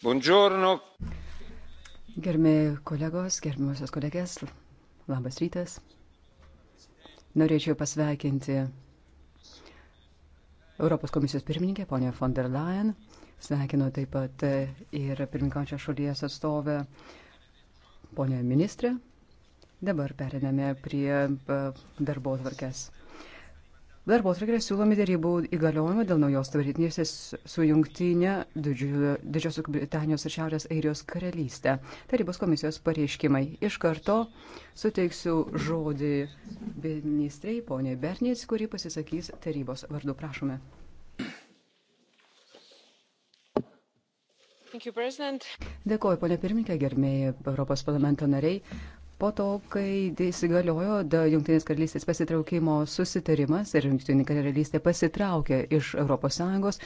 Buongiorno. Gerbimi kolegos, gerbimusios kolegės, labas rytas. Norėčiau pasveikinti Europos komisijos pirmininkė, ponė von der Leyen. Sveikinu taip pat ir pirmininkančią šalies atstovę, ponė ministrė. Dabar periname prie darbo tvarkės. Darbo atrikė siūlomi dėrybų įgaliojimai dėl naujos tvarytinėsis su jungtinė Didžiosios Britanijos ir Šiaurės Airijos karalystė. Tarybos komisijos pareiškimai. Iš karto suteiksiu žodį ministrei, poniai Bernys, kuri pasisakys tarybos vardu. Prašome. You, Dėkuoju, ponė pirmininkė, gerbėjai Europos parlamento nariai. Po to, kai įsigaliojo Junktinės karalystės pasitraukimo susitarimas ir Junktinė karalystė pasitraukė iš ES,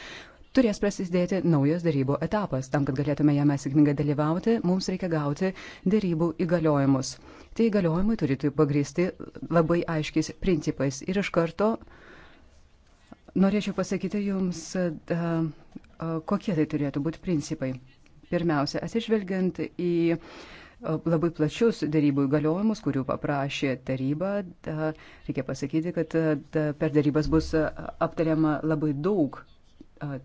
turės prasidėti naujas darybų etapas. Tam, kad galėtume jame sėkmingai dalyvauti, mums reikia gauti darybų įgaliojimus. Tai įgaliojimai turėtų pagristi labai aiškiais principais. Ir iš karto norėčiau pasakyti jums, da, kokie tai turėtų būti principai. Pirmiausia, atsižvelgiant į uh, labai plačius darybų įgaliojimus, kurių paprašė taryba. Reikia pasakyti, kad per darybas bus aptariama labai daug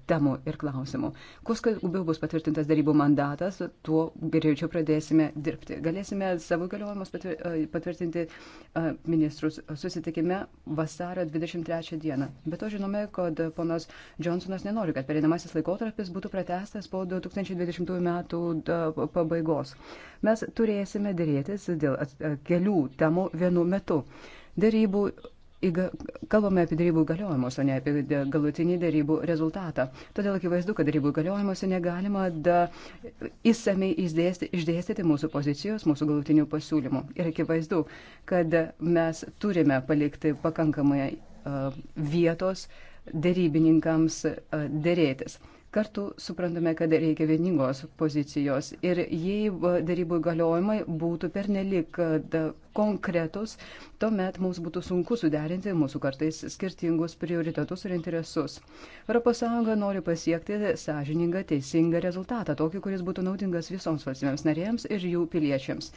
temų ir klausimų. Kuo skubiau bus patvirtintas darybų mandatas, tuo greičiau pradėsime dirbti. Galėsime savo galiojimus patvirtinti ministrus susitikime vasario 23 dieną. Bet to žinome, kad ponas Johnsonas nenori, kad pereinamasis laikotarpis būtų pratestas po 2020 metų pabaigos. Mes turėsime dėrėtis dėl kelių temų vienu metu. Darybų kalbame apie darybų galiojimus, o ne apie galutinį darybų rezultatą. Todėl akivaizdu, kad darybų galiojimuose negalima da, įsamei išdėstyti mūsų pozicijos, mūsų galutinių pasiūlymų. Ir akivaizdu, kad mes turime palikti pakankamai uh, vietos darybininkams uh, dėrėtis. Kartu suprantame, kad reikia vieningos pozicijos ir jei darybų įgaliojimai būtų pernelik konkretus, tuomet mums būtų sunku suderinti mūsų kartais skirtingus prioritetus ir interesus. ES nori pasiekti sąžiningą, teisingą rezultatą, tokį, kuris būtų naudingas visoms valstybėms narėms ir jų piliečiams.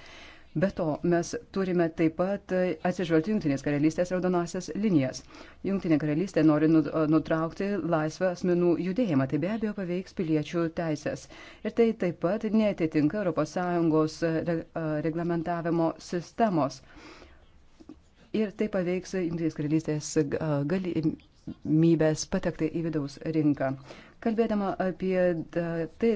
Be to, mes turime taip pat atsižvelgti Junktinės karalystės raudonasias linijas. Junktinė karalystė nori nu, nutraukti laisvą asmenų judėjimą, tai be abejo paveiks piliečių teisės. Ir tai taip pat netitinka ES reglamentavimo sistemos. Ir tai paveiks Junktinės karalystės galimybės patekti į vidaus rinką. Kalbėdama apie tai,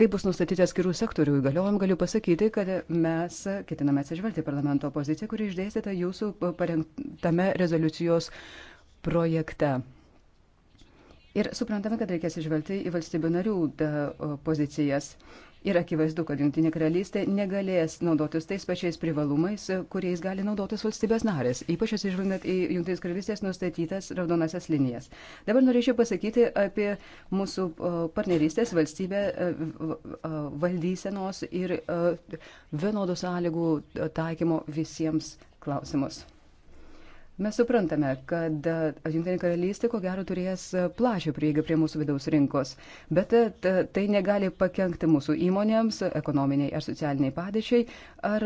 Kai bus nustatyti atskirų sektorių įgaliojom, galiu pasakyti, kad mes ketiname atsižvelgti parlamento poziciją, kuri išdėstyta jūsų parengtame rezoliucijos projekte. Ir suprantame, kad reikia atsižvelgti į valstybių narių pozicijas. Ir akivaizdu, kad Junktinė karalystė negalės naudotis tais pačiais privalumais, kuriais gali naudotis valstybės narės, ypač atsižvelgiant į Junktinės karalystės nustatytas raudonasias linijas. Dabar norėčiau pasakyti apie mūsų partnerystės valstybę e, valdysenos ir e, vienodų sąlygų e, taikymo visiems klausimus. Mes suprantame, kad e, Junktinė karalystė ko gero turės e, plačią prieigą prie mūsų vidaus rinkos, bet e, tai negali pakengti mūsų įmonėms, ekonominiai ar socialiniai padėčiai ar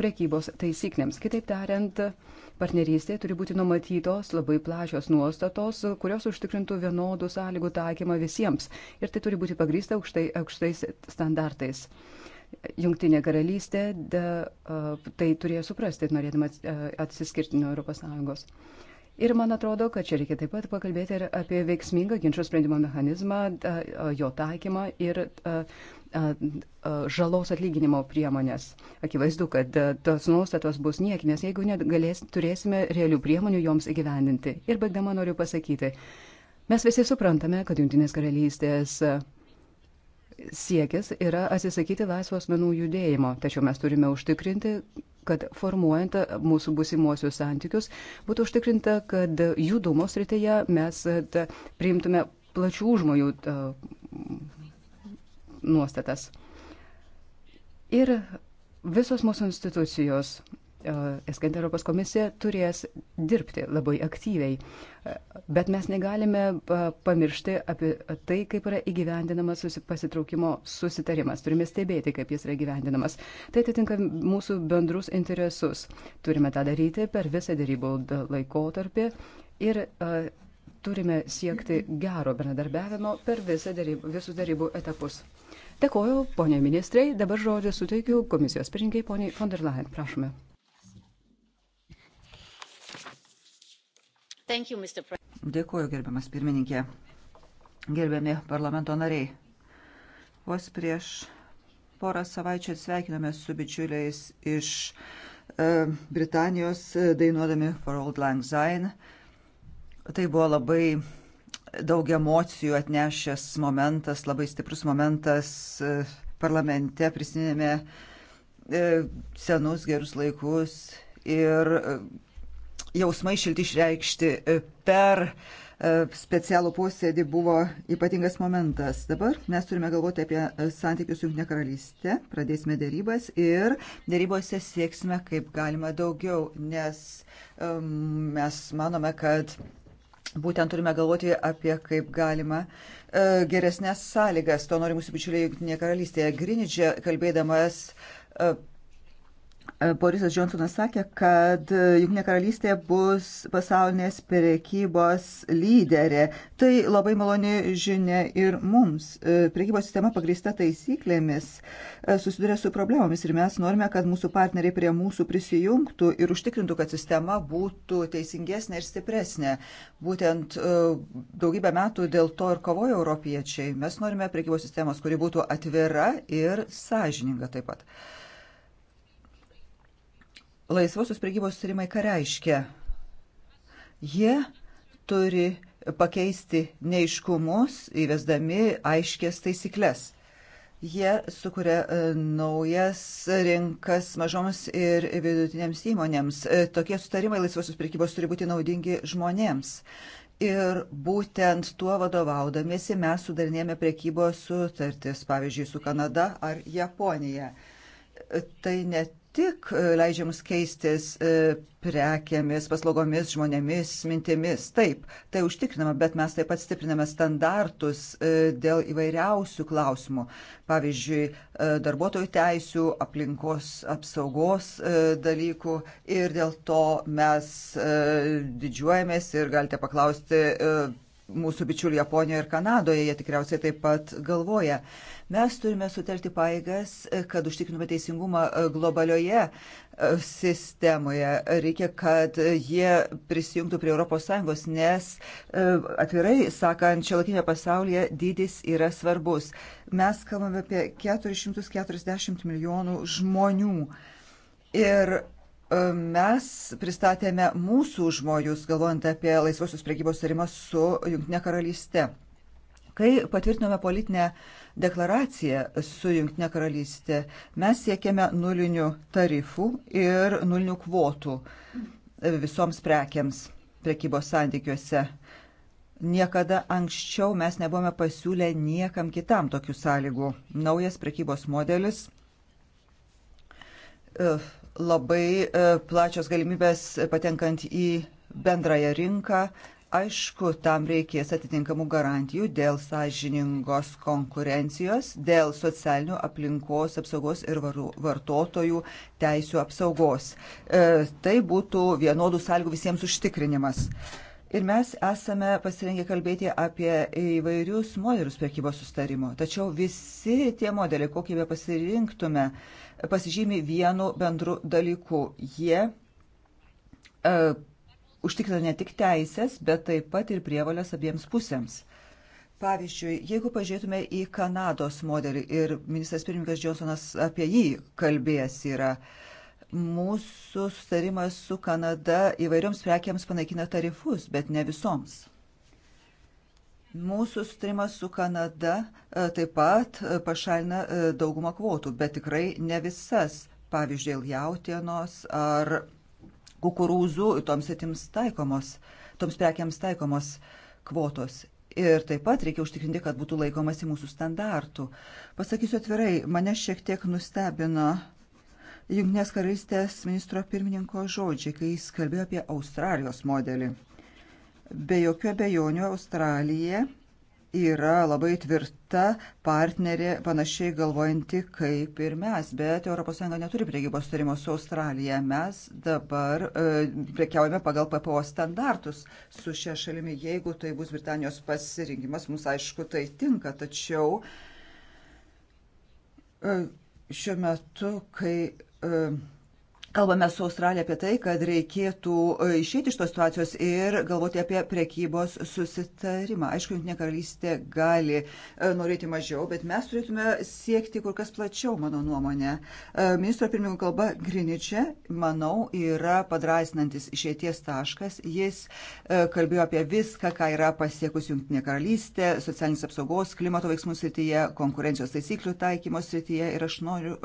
prekybos taisyklėms. Kitaip tariant, partnerystėje turi būti numatytos labai plačios nuostatos, kurios užtikrintų vienodų sąlygų taikymą visiems ir tai turi būti pagrįsta aukštai, aukštais standartais. Jungtinė karalystė da, tai turėjo suprasti, norėdama atsiskirti nuo ES. Ir man atrodo, kad čia reikia taip pat pakalbėti ir apie veiksmingą ginčio sprendimo mechanizmą, jo taikymą ir žalos atlyginimo priemonės. Akivaizdu, kad tos nuostatos bus niekinės, jeigu negalės, turėsime realių priemonių joms įgyvendinti. Ir baigdama noriu pasakyti, mes visi suprantame, kad Junktinės karalystės siekis yra atsisakyti laisvo asmenų judėjimo, tačiau mes turime užtikrinti, kad formuojant mūsų busimuosius santykius būtų užtikrinta, kad judumo srityje mes priimtume plačių žmonių nuostatas. Ir visos mūsų institucijos E, Eskant Europos komisija turės dirbti labai aktyviai, e, bet mes negalime e, pamiršti apie tai, kaip yra įgyvendinamas pasitraukimo susitarimas. Turime stebėti, kaip jis yra įgyvendinamas. Tai atitinka mūsų bendrus interesus. Turime tą daryti per visą darybų laikotarpį ir uh, turime siekti gero bendradarbiavimo per darybų, visus darybų etapus. Dėkoju, ponė ministrai, dabar žodį suteikiu komisijos pirinkai, poniai von der Leyen, prašome. You, Dėkuoju, gerbiamas pirmininkė. Gerbiami parlamento nariai. Vos prieš porą savaičių sveikinome su bičiuliais iš e, Britanijos e, dainuodami For Old Lang Syne. Tai buvo labai daug emocijų atnešęs momentas, labai stiprus momentas e, parlamente. Prisimėme e, senus gerus laikus ir jausmai šilti išreikšti e, per e, specialų posėdį buvo ypatingas momentas. Dabar mes turime galvoti apie e, santykius Junktinė karalystė, pradėsime dėrybas ir dėrybose sieksime kaip galima daugiau, nes um, mes manome, kad būtent turime galvoti apie kaip galima uh, geresnės sąlygas. To nori mūsų bičiuliai Junktinė karalystėje. Grinidžia kalbėdamas uh, E, Borisas Johnsonas sakė, kad e, Junktinė karalystė bus pasaulinės priekybos lyderė. Tai labai maloni žinia ir mums. E, priekybos sistema pagrįsta taisyklėmis susiduria su problemomis ir mes norime, kad mūsų partneriai prie mūsų prisijungtų ir užtikrintų, kad sistema būtų teisingesnė ir stipresnė. Būtent daugybę metų dėl to ir kovojo europiečiai. Mes norime priekybos sistemos, kuri būtų atvira ir sąžininga taip pat. Laisvosios priegybos sutarimai ką reiškia? Jie turi pakeisti neiškumus, įvesdami aiškės taisyklės. Jie sukuria e, naujas rinkas mažoms ir vidutinėms įmonėms. E, tokie sutarimai laisvosios prekybos turi būti naudingi žmonėms. Ir būtent tuo vadovaudamiesi mes sudarinėjame prekybos sutartis, pavyzdžiui, su Kanada ar Japonija. E, tai ne tik e, leidžia mums keistis e, prekiamis, paslaugomis, žmonėmis, mintimis. Taip, tai užtikrinama, bet mes taip pat stipriname standartus e, dėl įvairiausių klausimų. Pavyzdžiui, darbuotojų teisių, aplinkos apsaugos dalykų ir dėl to mes didžiuojamės ir galite paklausti mūsų bičiuliai Japonijoje ir Kanadoje, jie tikriausiai taip pat galvoja. Mes turime sutelkti paėgas, e, kad užtikrintume teisingumą e, globalioje e, sistemoje. Reikia, kad jie prisijungtų prie ES, nes atvirai sakant, čia lakinė pasaulyje dydis yra svarbus. Mes kalbame apie 440 milijonų žmonių. Ir mes pristatėme mūsų žmonius, galvojant apie laisvosios priekybos tarimą su Junktinė karalystė. Kai patvirtinome politinę deklaraciją su Junktinė karalystė, mes siekėme nulinių tarifų ir nulinių kvotų visoms prekiams prekybos santykiuose. Niekada anksčiau mes nebuvome pasiūlę niekam kitam tokių sąlygų. Naujas prekybos modelis. Uf labai e, plačios galimybės patenkant į bendrąją rinką. Aišku, tam reikės atitinkamų garantijų dėl sąžiningos konkurencijos, dėl socialinių aplinkos apsaugos ir vartotojų teisų apsaugos. E, tai būtų vienodų sąlygų visiems užtikrinimas. Ir mes esame pasirengę kalbėti apie įvairius modelius priekybos sustarimo. Tačiau visi tie modeliai, kokį be pasirinktume, e, pasižymi vienu bendru dalyku. Jie e, užtikrina ne tik teisės, bet taip pat ir prievalės abiems pusėms. Pavyzdžiui, jeigu pažiūrėtume į Kanados modelį ir ministras pirmininkas Džonsonas apie jį kalbėjęs yra, mūsų sustarimas su Kanada įvairioms prekiams panaikina tarifus, bet ne visoms. Mūsų sutrimas su Kanada e, taip pat e, pašalina e, daugumą kvotų, bet tikrai ne visas, pavyzdžiui, jautienos ar kukurūzų toms etims taikomos, toms prekiams taikomos kvotos. Ir taip pat reikia užtikrinti, kad būtų laikomasi mūsų standartų. Pasakysiu atvirai, mane šiek tiek nustebino Junknės karalystės ministro pirmininko žodžiai, kai jis kalbėjo apie Australijos modelį Be jokių abejonių Australija yra labai tvirta partnerė, panašiai galvojanti kaip ir mes, bet ES neturi priekybos turimo su Australija. Mes dabar e, prekiaujame pagal PPO standartus su šia šalimi. Jeigu tai bus Britanijos pasirinkimas, mums aišku tai tinka, tačiau e, šiuo metu, kai e, Kalbame su Australija apie tai, kad reikėtų e, išėti iš tos situacijos ir galvoti apie prekybos susitarimą. Aišku, Junktinė karalystė gali e, norėti mažiau, bet mes turėtume siekti kur kas plačiau, mano nuomonė. E, ministro pirmininko kalba Griničia, manau, yra padrasinantis išėties taškas. Jis kalbėjo apie viską, ką yra pasiekusi Junktinė karalystė, socialinės apsaugos, klimato veiksmų srityje, konkurencijos taisyklių taikymo srityje ir aš noriu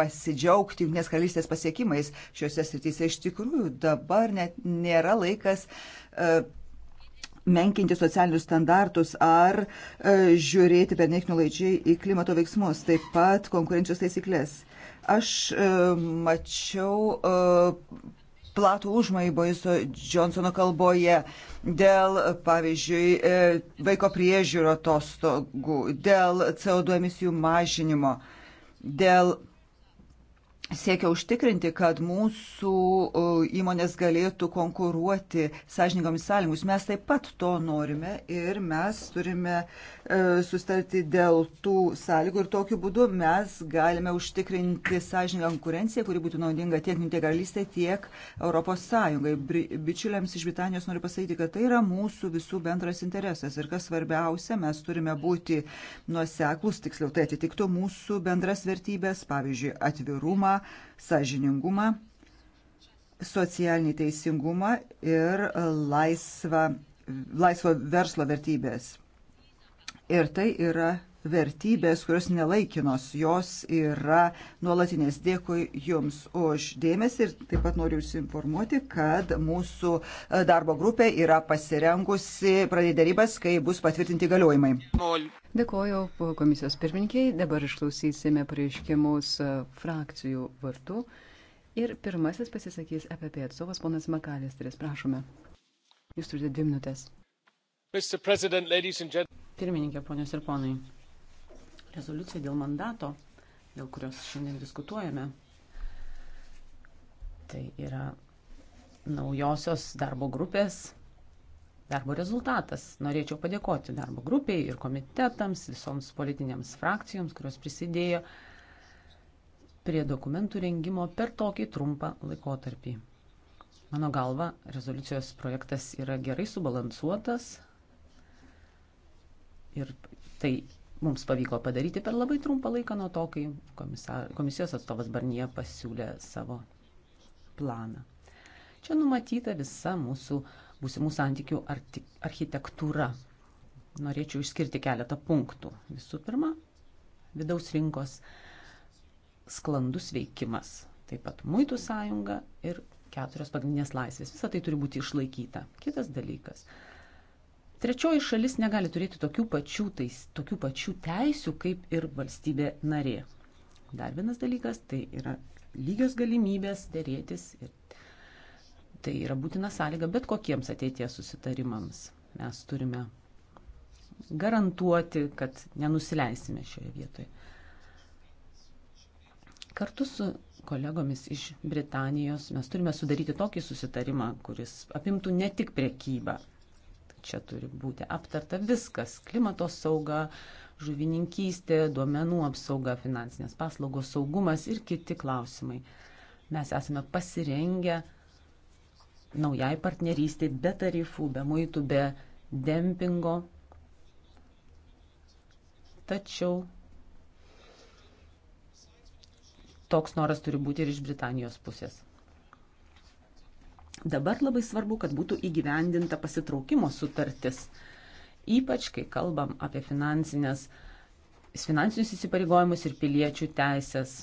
pasidžiaugti Junktinės karalystės pasiekimais šiuose srityse. Iš tikrųjų, dabar net nėra laikas e, menkinti socialinius standartus ar e, žiūrėti per neknių laidžiai į klimato veiksmus, taip pat konkurencijos taisyklės. Aš e, mačiau e, platų užmąjį Boiso Johnsono kalboje dėl, pavyzdžiui, e, vaiko priežiūro atostogų, dėl CO2 emisijų mažinimo, dėl siekia užtikrinti, kad mūsų įmonės galėtų konkuruoti sąžininkomis sąlygomis. Mes taip pat to norime ir mes turime e, sustarti dėl tų sąlygų ir tokiu būdu mes galime užtikrinti sąžininką konkurenciją, kuri būtų naudinga tiek Jungtinė karalystė, tiek Europos Sąjungai. Bičiuliams iš Britanijos noriu pasakyti, kad tai yra mūsų visų bendras interesas ir kas svarbiausia, mes turime būti nuoseklus, tiksliau tai atitiktų mūsų bendras vertybės, pavyzdžiui, atvirumą, skaidrumą, sažiningumą, socialinį teisingumą ir laisvą, laisvo verslo vertybės. Ir tai yra vertybės, kurios nelaikinos, jos yra nuolatinės. Dėkui Jums už dėmesį ir taip pat noriu Jūs informuoti, kad mūsų darbo grupė yra pasirengusi pradėti darybas, kai bus patvirtinti galiojimai. Dėkoju komisijos pirmininkiai. Dabar išklausysime pareiškimus e, frakcijų vardu. Ir pirmasis pasisakys EPP atstovas ponas Makalistris. Prašome. Jūs turite dvi minutės. Pirmininkė, ponios ir ponai, rezoliucija dėl mandato, dėl kurios šiandien diskutuojame, tai yra naujosios darbo grupės darbo rezultatas. Norėčiau padėkoti darbo grupiai ir komitetams, visoms politinėms frakcijoms, kurios prisidėjo prie dokumentų rengimo per tokį trumpą laikotarpį. Mano galva, rezoliucijos projektas yra gerai subalansuotas ir tai mums pavyko padaryti per labai trumpą laiką nuo to, kai komisar, komisijos atstovas Barnie pasiūlė savo planą. Čia numatyta visa mūsų uh, būsimų santykių architektūra. Norėčiau išskirti keletą punktų. Visų pirma, vidaus rinkos sklandus veikimas, taip pat muitų sąjunga ir keturios pagrindinės laisvės. Visą tai turi būti išlaikyta. Kitas dalykas. Trečioji šalis negali turėti tokių pačių, tais, tokių pačių teisių kaip ir valstybė narė. Dar vienas dalykas tai yra lygios galimybės dėrėtis ir Tai yra būtina sąlyga bet kokiems ateities susitarimams. Mes turime garantuoti, kad nenusileisime šioje vietoje. Kartu su kolegomis iš Britanijos mes turime sudaryti tokį susitarimą, kuris apimtų ne tik priekybą. Čia turi būti aptarta viskas - klimato sauga, žuvininkystė, duomenų apsauga, finansinės paslaugos saugumas ir kiti klausimai. Mes esame pasirengę naujai partnerystiai be tarifų, be muitų, be dempingo. Tačiau toks noras turi būti ir iš Britanijos pusės. Dabar labai svarbu, kad būtų įgyvendinta pasitraukimo sutartis, ypač kai kalbam apie finansinius įsipareigojimus ir piliečių teisės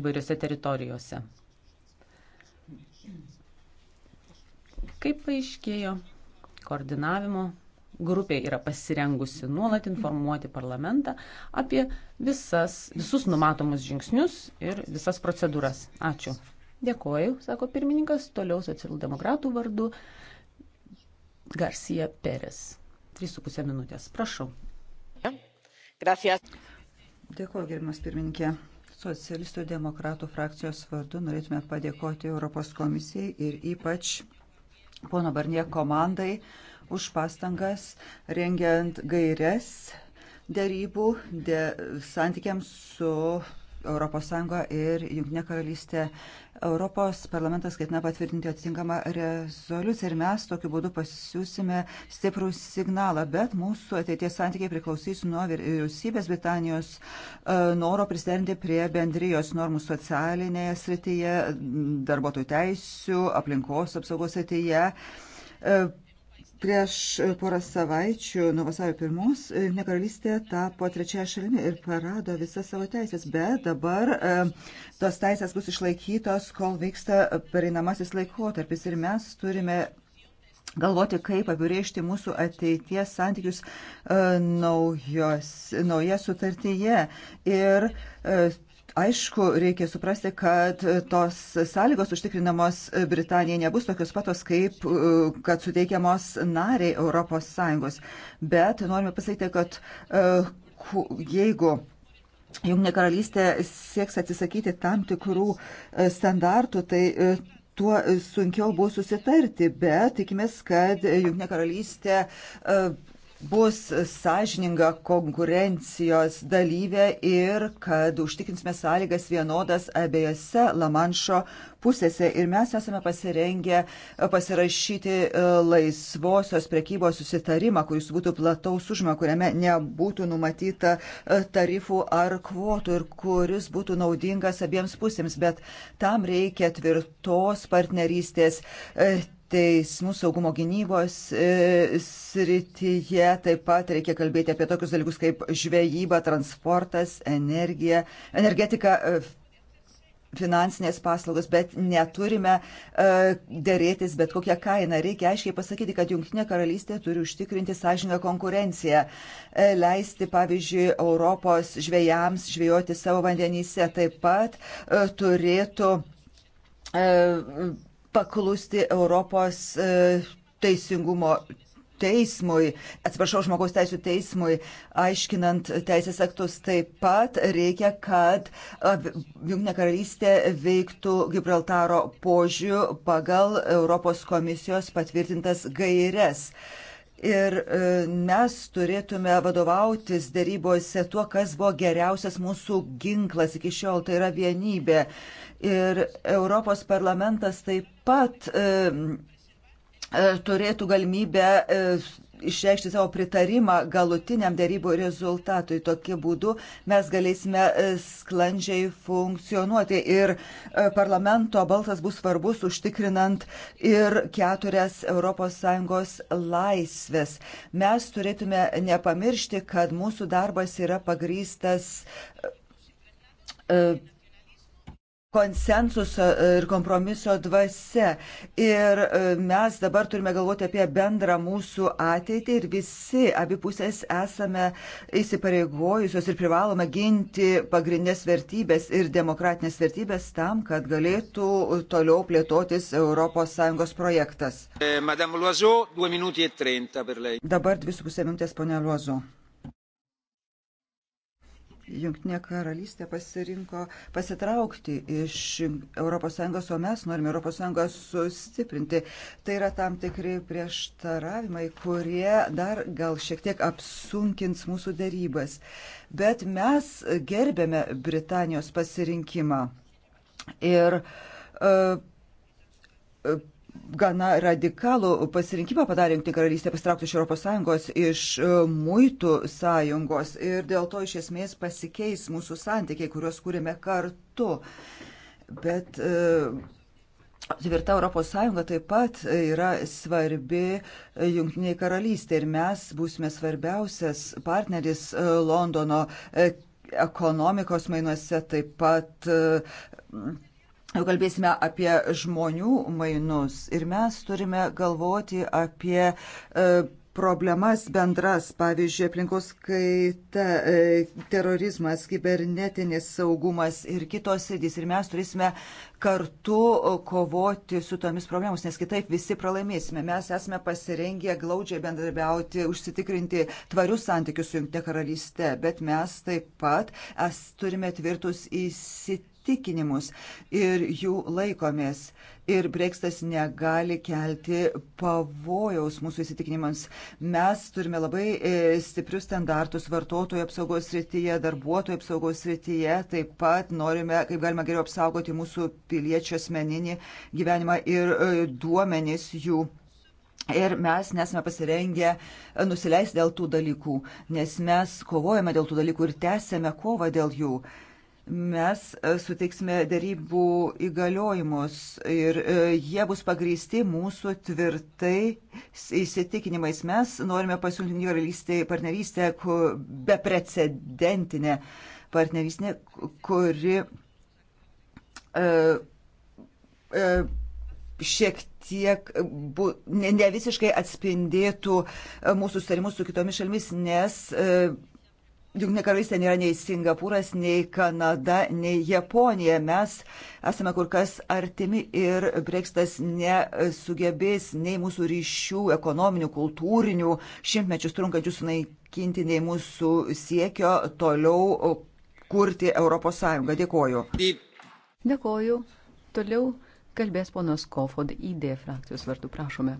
įvairiose teritorijose. Kaip paaiškėjo, koordinavimo grupė yra pasirengusi nuolat informuoti parlamentą apie visas, visus numatomus žingsnius ir visas procedūras. Ačiū. Dėkoju, sako pirmininkas, toliau socialdemokratų vardu Garcia Perez. 3,5 minutės. Prašau. Gracias. Dėkuoju, gerimas pirmininkė. Socialistų demokratų frakcijos vardu norėtume padėkoti Europos komisijai ir ypač pono Barnie komandai už pastangas rengiant gairias dėrybų dė, santykiams su ES ir Junktinė karalystė. Europos parlamentas ketina patvirtinti atitinkamą rezoliuciją ir mes tokiu būdu pasiūsime stiprų signalą, bet mūsų ateities santykiai priklausys nuo vyriausybės Britanijos e, noro prisiderinti prie bendrijos normų socialinėje srityje, darbuotojų teisų, aplinkos apsaugos srityje e, Prieš porą savaičių, nuo vasario pirmos, Junktinė karalystė tapo trečiaja šalimi ir parado visas savo teisės, bet dabar e, tos teisės bus išlaikytos, kol vyksta pereinamasis laikotarpis ir mes turime galvoti, kaip apibrėžti mūsų ateities santykius e, naujos, nauja sutartyje. Ir e, Aišku, reikia suprasti, kad tos sąlygos užtikrinamos Britanijai nebus tokios patos, kaip e, kad suteikiamos nariai ES. Bet norime pasakyti, kad e, jeigu Jungtinė karalystė sieks atsisakyti tam tikrų e, standartų, tai tuo sunkiau buvo susitarti, bet tikimės, kad Junknė karalystė bus sąžininga konkurencijos dalyvė ir kad užtikrinsime sąlygas vienodas abiejose Lamanšo pusėse. Ir mes esame pasirengę pasirašyti e, laisvosios prekybos susitarimą, kuris būtų plataus užmo, kuriame nebūtų numatyta e, tarifų ar kvotų ir kuris būtų naudingas abiems pusėms. Bet tam reikia tvirtos partnerystės e, teismų saugumo gynybos e, srityje. Taip pat reikia kalbėti apie tokius dalykus kaip žvejyba, transportas, energija, energetika, e, finansinės paslaugos, bet neturime e, dėrėtis bet kokią kainą. Reikia aiškiai pasakyti, kad Junktinė karalystė turi užtikrinti sąžininką konkurenciją, leisti, pavyzdžiui, Europos žvėjams žvejoti savo vandenyse. Taip pat turėtų paklusti Europos e, teisingumo teismui, atsiprašau, žmogaus teisų teismui, aiškinant teisės aktus. Taip pat reikia, kad Junktinė karalystė veiktų Gibraltaro požiūrių pagal Europos komisijos patvirtintas gairias. Ir e, mes turėtume vadovautis darybose tuo, kas buvo geriausias mūsų ginklas iki šiol, tai yra vienybė. Ir Europos parlamentas taip pat e, e, turėtų galimybę e, išreikšti savo pritarimą galutiniam dėrybų rezultatui. Tokiu būdu mes galėsime e, sklandžiai funkcionuoti ir e, parlamento balsas bus svarbus užtikrinant ir keturias ES laisvės. Mes turėtume nepamiršti, kad mūsų darbas yra pagrystas e, konsensuso e, ir kompromiso dvasia. Ir e, mes dabar turime galvoti apie bendrą mūsų ateitį ir visi abipusės esame įsipareigojusios ir privalome ginti pagrindinės vertybės ir demokratinės vertybės tam, kad galėtų toliau plėtotis ES projektas. E, Loiseau, Dabar 2,5 minutės, ponia Luozo. Junktinė karalystė pasirinko pasitraukti iš ES, o mes norime ES sustiprinti. Tai yra tam tikri prieštaravimai, kurie dar gal šiek tiek apsunkins mūsų dėrybas. Bet mes gerbėme Britanijos pasirinkimą. Ir uh, gana radikalų pasirinkimą padarė Junktinė karalystė pasitraukti iš ES, iš e, muitų sąjungos ir dėl to iš esmės pasikeis mūsų santykiai, kuriuos kūrėme kartu. Bet e, tvirta ES taip pat yra svarbi e, Junktiniai karalystė ir mes būsime svarbiausias partneris Londono ekonomikos mainuose, taip pat Jau kalbėsime apie žmonių mainus ir mes turime galvoti apie e, problemas bendras, pavyzdžiui, aplinkos kaita, e, terorizmas, kibernetinis saugumas ir kitos sėdys. Ir mes turėsime kartu kovoti su tomis problemus, nes kitaip visi pralaimėsime. Mes esame pasirengę glaudžiai bendradarbiauti, užsitikrinti tvarius santykius su Junktinė karalystė, bet mes taip pat es, turime tvirtus įsitikinti įsitikinimus ir jų laikomės. Ir breksitas negali kelti pavojaus mūsų įsitikinimams. Mes turime labai e, stiprius standartus vartotojų apsaugos srityje, darbuotojų apsaugos srityje. Taip pat norime, kaip galima geriau apsaugoti mūsų piliečių asmeninį gyvenimą ir e, duomenys jų Ir mes nesame pasirengę nusileisti dėl tų dalykų, nes mes kovojame dėl tų dalykų ir tęsėme kovą dėl jų mes e, suteiksime darybų įgaliojimus ir e, jie bus pagrysti mūsų tvirtai įsitikinimais. Mes norime pasiūlyti Junkinio karalystėje partnerystę beprecedentinę partnerystę, kuri e, šiek tiek bu, ne, ne visiškai atspindėtų mūsų sutarimus su kitomis šalimis, nes Junktinė karalystė nėra nei Singapūras, nei Kanada, nei Japonija. Mes esame kur kas artimi ir Brexitas nesugebės nei mūsų ryšių, ekonominių, kultūrinių, šimtmečius trunkančių sunaikinti, nei mūsų siekio toliau kurti Europos Sąjungą. Dėkoju. Dėkoju. Toliau kalbės ponas Kofod ID frakcijos vardu. Prašome.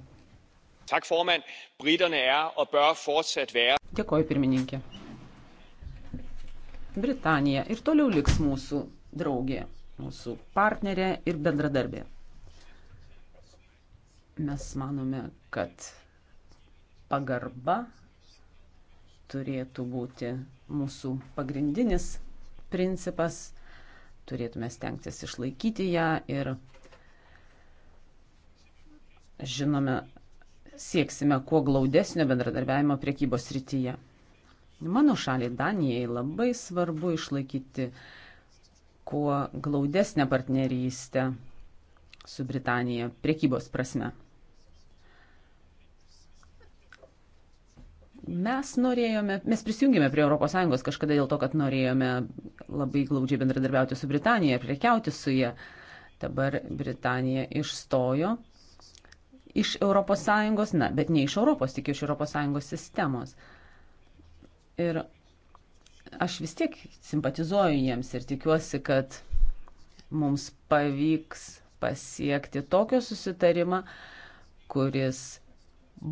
Tak, formand. Briterne er og bør fortsat være. Dėkoju, pirmininkė. Britanija ir toliau liks mūsų draugė, mūsų partnerė ir bendradarbė. Mes manome, kad pagarba turėtų būti mūsų pagrindinis principas, turėtume stengtis išlaikyti ją ir žinome, sieksime kuo glaudesnio bendradarbiavimo priekybos rytyje. Mano šaliai Danijai labai svarbu išlaikyti kuo glaudesnę partnerystę su Britanija priekybos prasme. Mes norėjome, mes prisijungėme prie ES kažkada dėl to, kad norėjome labai glaudžiai bendradarbiauti su Britanija, priekiauti su jie. Dabar Britanija išstojo iš ES, na, bet ne iš Europos, tik iš ES sistemos. Ir aš vis tiek simpatizuoju jiems ir tikiuosi, kad mums pavyks pasiekti tokio susitarimą, kuris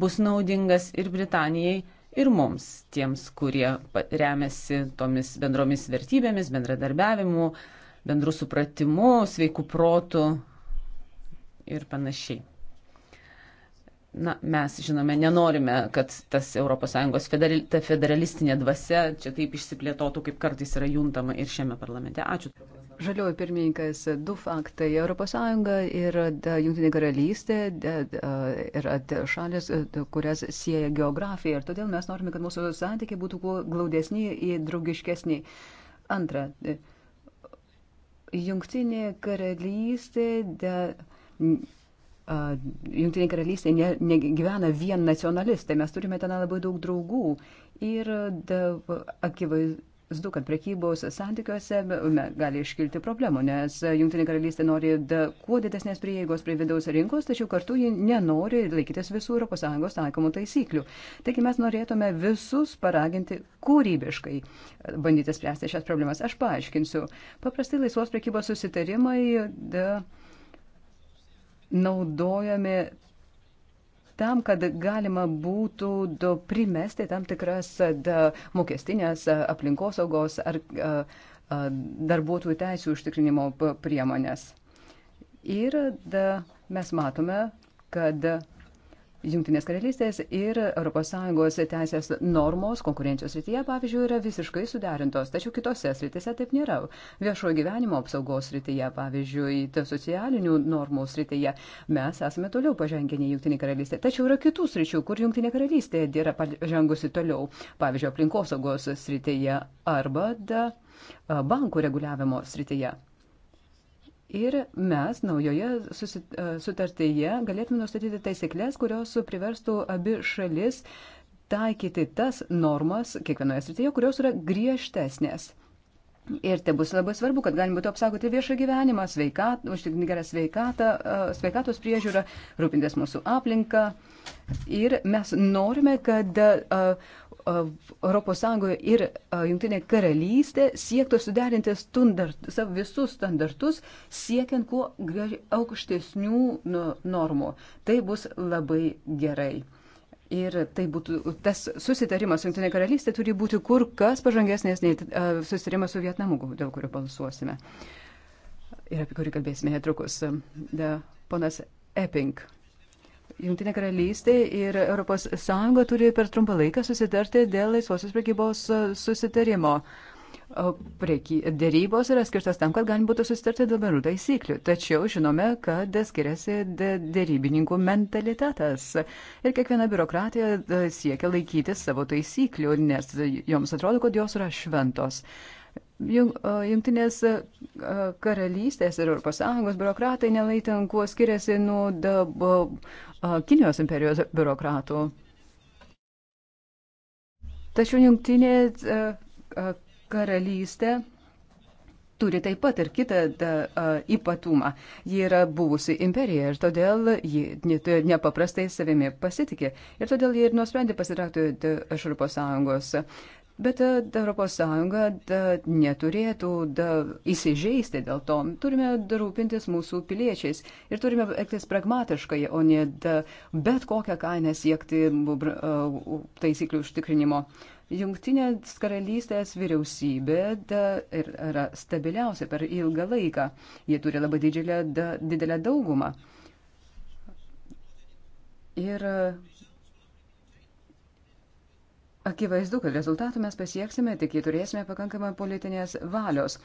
bus naudingas ir Britanijai, ir mums, tiems, kurie remiasi tomis bendromis vertybėmis, bendradarbiavimu, bendru supratimu, sveiku protu ir panašiai. Na, mes žinome, nenorime, kad tas ES federal, ta federalistinė dvasia čia taip išsiplėtotų, kaip kartais yra juntama ir šiame parlamente. Ačiū. Žaliojo pirmininkas, du faktai. ES ir Junktinė karalystė yra šalis, kurias sieja geografija ir todėl mes norime, kad mūsų santykiai būtų kuo glaudesni ir draugiškesni. Antra, Junktinė karalystė. De, Junktinė karalystė negyvena ne, ne vien nacionalistai, mes turime ten labai daug draugų ir akivaizdu, kad prekybos santykiuose gali iškilti problemų, nes Junktinė karalystė nori da, kuo didesnės prieigos prie vidaus rinkos, tačiau kartu ji nenori laikytis visų ES taikomų taisyklių. Taigi mes norėtume visus paraginti kūrybiškai bandyti spręsti šias problemas. Aš paaiškinsiu. Paprastai laisvos prekybos susitarimai. Da, de naudojami tam, kad galima būtų primesti tam tikras mokestinės aplinkosaugos ar darbuotojų teisų užtikrinimo priemonės. Ir da, mes matome, kad Junktinės karalystės ir ES teisės normos konkurencijos rytyje, pavyzdžiui, yra visiškai suderintos, tačiau kitose srityse taip nėra. Viešojo gyvenimo apsaugos rytyje, pavyzdžiui, socialinių normų srityje mes esame toliau pažengę nei Junktinė karalystė. Tačiau yra kitų sričių, kur Junktinė karalystė yra pažengusi toliau, pavyzdžiui, aplinkosaugos srityje arba da, bankų reguliavimo srityje. Ir mes naujoje e, sutartyje galėtume nustatyti taisyklės, kurios priverstų abi šalis taikyti tas normas kiekvienoje srityje, kurios yra griežtesnės. Ir tai bus labai svarbu, kad galima būtų apsaugoti viešą gyvenimą, sveikat, užtikrinti gerą sveikatą, e, sveikatos priežiūrą, rūpintis mūsų aplinką. Ir mes norime, kad e, ES ir Junktinė karalystė siektų suderinti standart, visus standartus, siekiant kuo aukštesnių normų. Tai bus labai gerai. Ir tai būtų tas susitarimas, Junktinė karalystė turi būti kur kas pažangesnės nei susitarimas su Vietnamu, dėl kurio balsuosime. Ir apie kurį kalbėsime netrukus. Da, ponas Epping. Junktinė karalystė ir ES turi per trumpą laiką susitarti dėl laisvosios prekybos e, susitarimo. Dėrybos yra skirtas tam, kad galim būtų susitarti dėl bendrų taisyklių. Tačiau žinome, kad skiriasi dėrybininkų mentalitetas. Ir kiekviena biurokratija e, siekia laikytis savo taisyklių, nes joms atrodo, kad jos yra šventos. Jungtinės karalystės ir ES biurokratai nelaitin, kuo skiriasi nuo dabo, Kinijos imperijos biurokratų. Tačiau Jungtinė karalystė turi taip pat ir kitą da, a, ypatumą. Ji yra buvusi imperija ir todėl ji nepaprastai savimi pasitikė. Ir todėl ji ir nusprendė pasitraukti iš Europos Sąjungos. Bet ES e, neturėtų da, e, įsižeisti dėl to. Turime rūpintis mūsų piliečiais ir turime elgtis pragmatiškai, o ne da, e, bet kokią kainą siekti taisyklių užtikrinimo. Jungtinės karalystės vyriausybė da, yra stabiliausia per ilgą laiką. Jie turi labai didelę, da, didelę daugumą. Ir uh, Akivaizdu, kad rezultatų mes pasieksime, tik jei turėsime pakankamai politinės valios.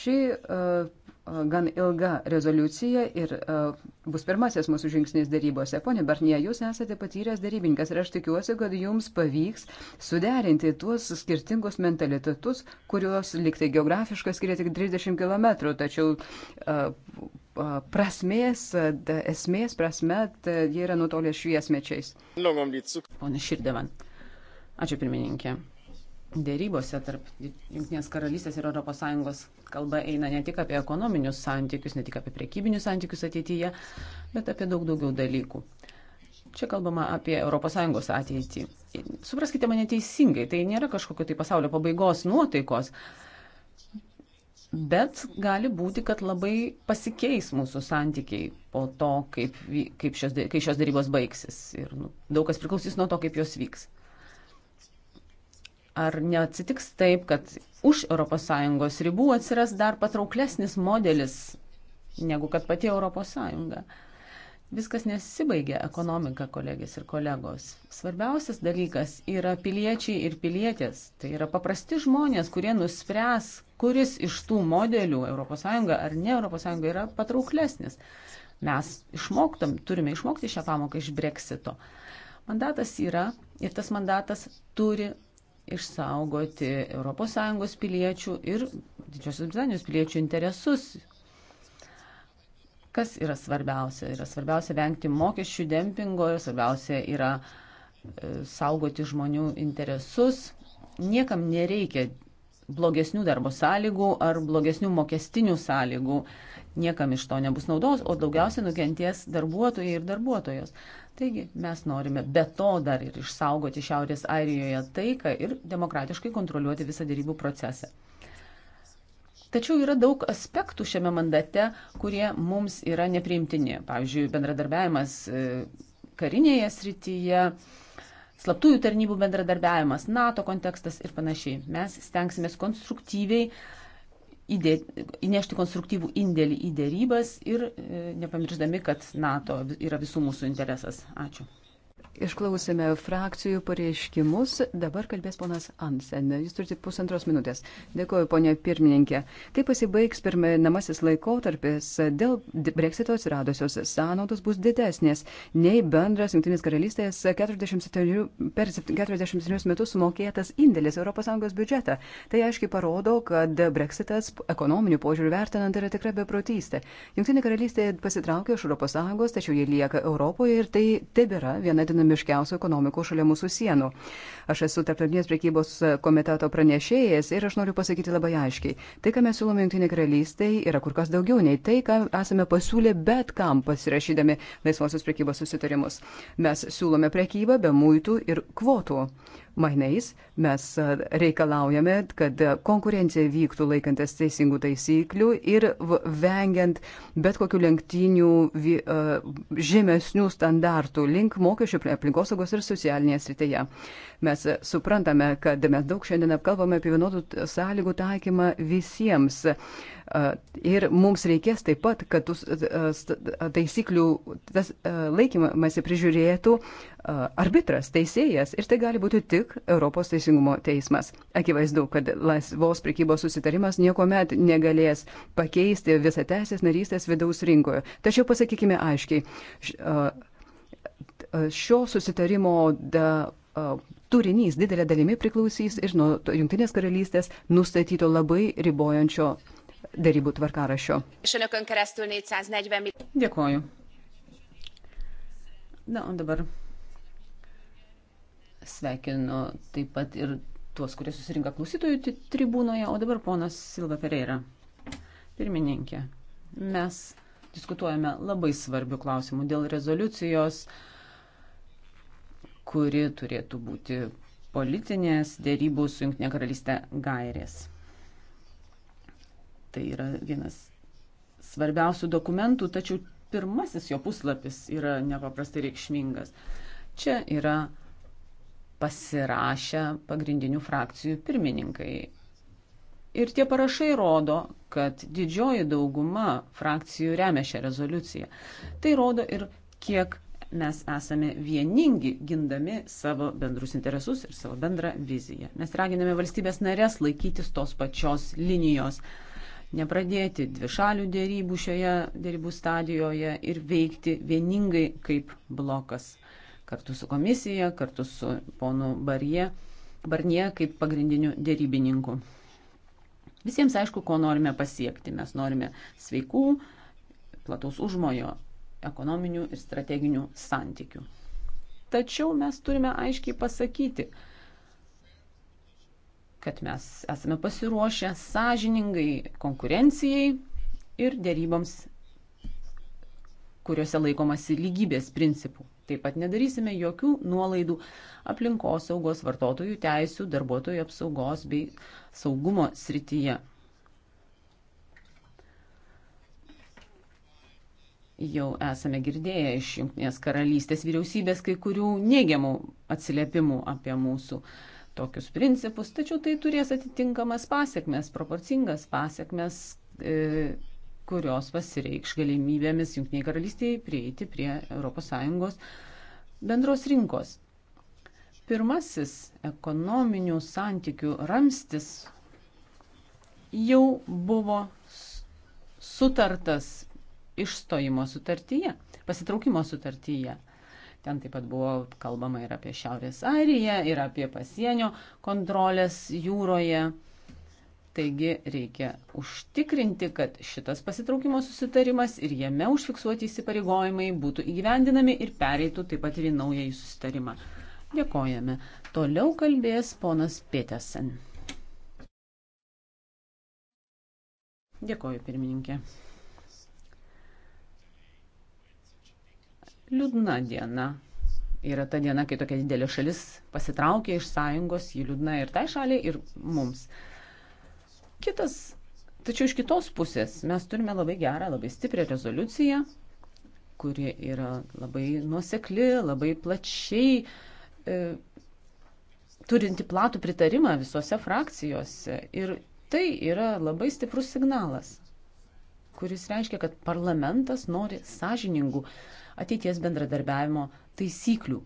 Ši uh, gan ilga rezoliucija ir uh, bus pirmasis mūsų žingsnis darybose. Pone Barnie, jūs esate patyręs darybininkas ir aš tikiuosi, kad jums pavyks suderinti tuos skirtingus mentalitetus, kuriuos liktai geografiškai skiria tik 30 km, tačiau uh, prasmės, esmės prasme, jie yra nutolę šviesmečiais. Pone Širdevan. Ačiū pirmininkė. Dėrybose tarp Junktinės karalystės ir ES kalba eina ne tik apie ekonominius santykius, ne tik apie priekybinius santykius ateityje, bet apie daug daugiau dalykų. Čia kalbama apie ES ateitį. Supraskite mane teisingai, tai nėra kažkokio tai pasaulio pabaigos nuotaikos, bet gali būti, kad labai pasikeis mūsų santykiai po to, kaip, kaip šios, kai šios darybos baigsis. Ir nu, daug kas priklausys nuo to, kaip jos vyks. Ar neatsitiks taip, kad už ES ribų atsiras dar patrauklesnis modelis negu kad pati ES? Viskas nesibaigia ekonomika, kolegės ir kolegos. Svarbiausias dalykas yra piliečiai ir pilietės. Tai yra paprasti žmonės, kurie nuspręs, kuris iš tų modelių ES ar ne ES yra patrauklesnis. Mes išmoktam, turime išmokti šią pamoką iš breksito. Mandatas yra ir tas mandatas turi išsaugoti ES piliečių ir Didžiosios Britanijos piliečių interesus. Kas yra svarbiausia? Yra svarbiausia vengti mokesčių dempingo, svarbiausia yra e, saugoti žmonių interesus. Niekam nereikia blogesnių darbo sąlygų ar blogesnių mokestinių sąlygų. Niekam iš to nebus naudos, o daugiausia nukenties darbuotojai ir darbuotojos. Taigi mes norime be to dar ir išsaugoti Šiaurės Airijoje taiką ir demokratiškai kontroliuoti visą dėrybų procesą. Tačiau yra daug aspektų šiame mandate, kurie mums yra nepriimtini. Pavyzdžiui, bendradarbiavimas e, karinėje srityje, slaptųjų tarnybų bendradarbiavimas, NATO kontekstas ir panašiai. Mes stengsimės konstruktyviai uh, įdėti, įnešti konstruktyvų indėlį į dėrybas ir e, nepamiršdami, kad NATO yra visų mūsų interesas. Ačiū. Išklausėme frakcijų pareiškimus. Dabar kalbės ponas Ansen. Jūs turite pusantros minutės. Dėkuoju, ponė pirmininkė. Kai pasibaigs pirminamasis laikotarpis, dėl breksito atsiradusios sąnaudos bus didesnės nei bendras Junktinės karalystės 47, per 47 metus sumokėtas indėlis ES biudžetą. Tai aiškiai parodo, kad breksitas ekonominių požiūrių vertinant yra tikra beprotystė. Junktinė karalystė pasitraukė iš ES, tačiau jie lieka Europoje ir tai tebėra viena dinamika dinamiškiausių ekonomikų šalia mūsų sienų. Aš esu tarptautinės priekybos komiteto pranešėjas ir aš noriu pasakyti labai aiškiai. Tai, ką mes siūlome Junktinė karalystė, yra kur kas daugiau nei tai, ką esame pasiūlę bet kam pasirašydami laisvosios priekybos susitarimus. Mes siūlome priekybą be muitų ir kvotų. Mainais mes reikalaujame, kad konkurencija vyktų laikantis teisingų taisyklių ir vengiant bet kokių lenktynių žemesnių standartų link mokesčių aplinkosaugos ir socialinėje srityje. Mes suprantame, kad mes daug šiandien apkalbame apie vienodų sąlygų taikymą visiems. Ir mums reikės taip pat, kad tų taisyklių laikymasi prižiūrėtų arbitras, teisėjas ir tai gali būti tik Europos teisingumo teismas. Akivaizdu, kad laisvos prekybos susitarimas niekuomet negalės pakeisti visą teisės narystės vidaus rinkoje. Tačiau pasakykime aiškiai, šio susitarimo da, turinys didelė dalimi priklausys ir nuo Junktinės karalystės nustatyto labai ribojančio darybų tvarkarašio. Dėkuoju. Na, o dabar sveikinu taip pat ir tuos, kurie susirinka klausytojų tribūnoje, o dabar ponas Silva Pereira. Pirmininkė, mes diskutuojame labai svarbių klausimų dėl rezoliucijos, uh, kuri turėtų būti politinės dėrybų su Junktinė karalystė gairės. Tai yra vienas svarbiausių dokumentų, tačiau pirmasis jo puslapis yra nepaprastai reikšmingas. Čia yra pasirašę pagrindinių frakcijų pirmininkai. Ir tie parašai rodo, kad didžioji dauguma frakcijų remia šią rezoliuciją. Tai rodo ir kiek mes esame vieningi gindami savo bendrus interesus ir savo bendrą viziją. Mes raginame valstybės narės laikytis tos pačios linijos, nepradėti dvišalių dėrybų šioje dėrybų stadijoje ir veikti vieningai kaip blokas. Kartu su komisija, kartu su ponu Barje, Barnie kaip pagrindiniu dėrybininku. Visiems aišku, ko norime pasiekti. Mes norime sveikų, plataus užmojo ekonominių ir strateginių santykių. Tačiau mes turime aiškiai pasakyti, kad mes esame pasiruošę sąžiningai konkurencijai ir dėryboms, kuriuose laikomasi lygybės principų. Taip pat nedarysime jokių nuolaidų aplinkosaugos, vartotojų teisų, darbuotojų apsaugos bei saugumo srityje. Jau esame girdėję iš Junktinės karalystės vyriausybės kai kurių neigiamų atsiliepimų apie mūsų tokius principus, tačiau tai turės atitinkamas pasiekmes, proporcingas pasiekmes, e, kurios pasireikš galimybėmis Junktiniai karalystiai prieiti prie ES bendros rinkos. Pirmasis ekonominių santykių ramstis jau buvo sutartas išstojimo sutartyje, pasitraukimo sutartyje. Ten taip pat buvo kalbama ir apie Šiaurės Airiją, ir apie pasienio kontrolės jūroje. Taigi reikia užtikrinti, kad šitas pasitraukimo susitarimas ir jame užfiksuoti įsipareigojimai būtų įgyvendinami ir pereitų taip pat ir į naująjį susitarimą. Dėkojame. Toliau kalbės ponas Pėtesen. Dėkoju, pirmininkė. Liūdna diena yra ta diena, kai tokia didelė šalis pasitraukia iš sąjungos, ji liūdna ir tai šaliai, ir mums. Kitas, tačiau iš kitos pusės mes turime labai gerą, labai stiprią rezoliuciją, kuri yra labai nuosekli, labai plačiai. E, turinti platų pritarimą visose frakcijose. Ir tai yra labai stiprus signalas kuris reiškia, kad parlamentas nori sąžiningų ateities bendradarbiavimo taisyklių.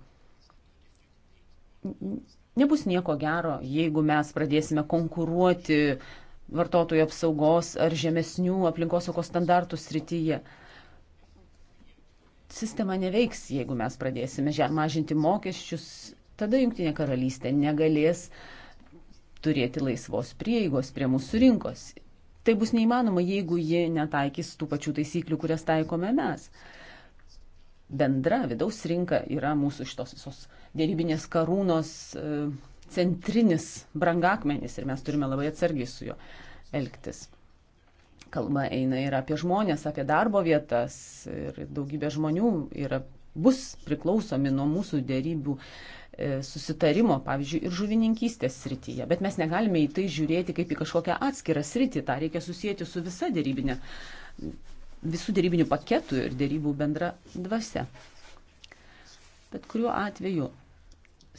Nebus nieko gero, jeigu mes pradėsime konkuruoti vartotojų apsaugos ar žemesnių aplinkosaugos standartų srityje. Sistema neveiks, jeigu mes pradėsime mažinti mokesčius, tada Junktinė karalystė negalės turėti laisvos prieigos prie mūsų rinkos Tai bus neįmanoma, jeigu ji netaikys tų pačių taisyklių, kurias taikome mes. Bendra vidaus rinka yra mūsų šitos visos dėrybinės karūnos e, centrinis brangakmenis ir mes turime labai atsargiai su juo elgtis kalba eina ir apie žmonės, apie darbo vietas ir daugybė žmonių yra, bus priklausomi nuo mūsų dėrybių E, susitarimo, pavyzdžiui, ir žuvininkystės srityje. Bet mes negalime į tai žiūrėti kaip į kažkokią atskirą sritį, tą reikia susijęti su visa dėrybinė, visų dėrybinių paketų ir dėrybų bendra dvasia. Bet kuriuo atveju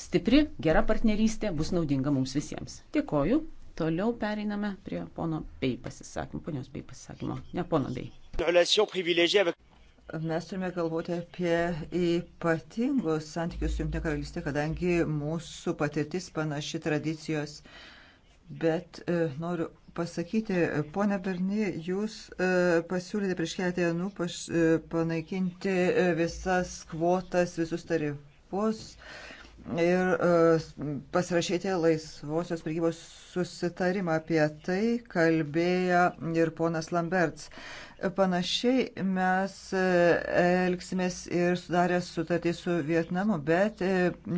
stipri, gera partnerystė bus naudinga mums visiems. Dėkoju. Toliau pereiname prie pono bei pasisakymų, ponios bei pasisakymo, ne pono bei. Mes turime galvoti apie ypatingus santykius su Junktinė karalystė, kadangi mūsų patirtis panaši tradicijos. Bet e, noriu pasakyti, ponia Berni, jūs e, pasiūlėte prieš keletą dienų paš, e, panaikinti e, visas kvotas, visus tarifus ir e, pasirašyti laisvosios prekybos susitarimą apie tai, kalbėjo ir ponas Lamberts. E, Panašiai mes e, elgsimės ir sudarę sutartį su Vietnamu, bet e,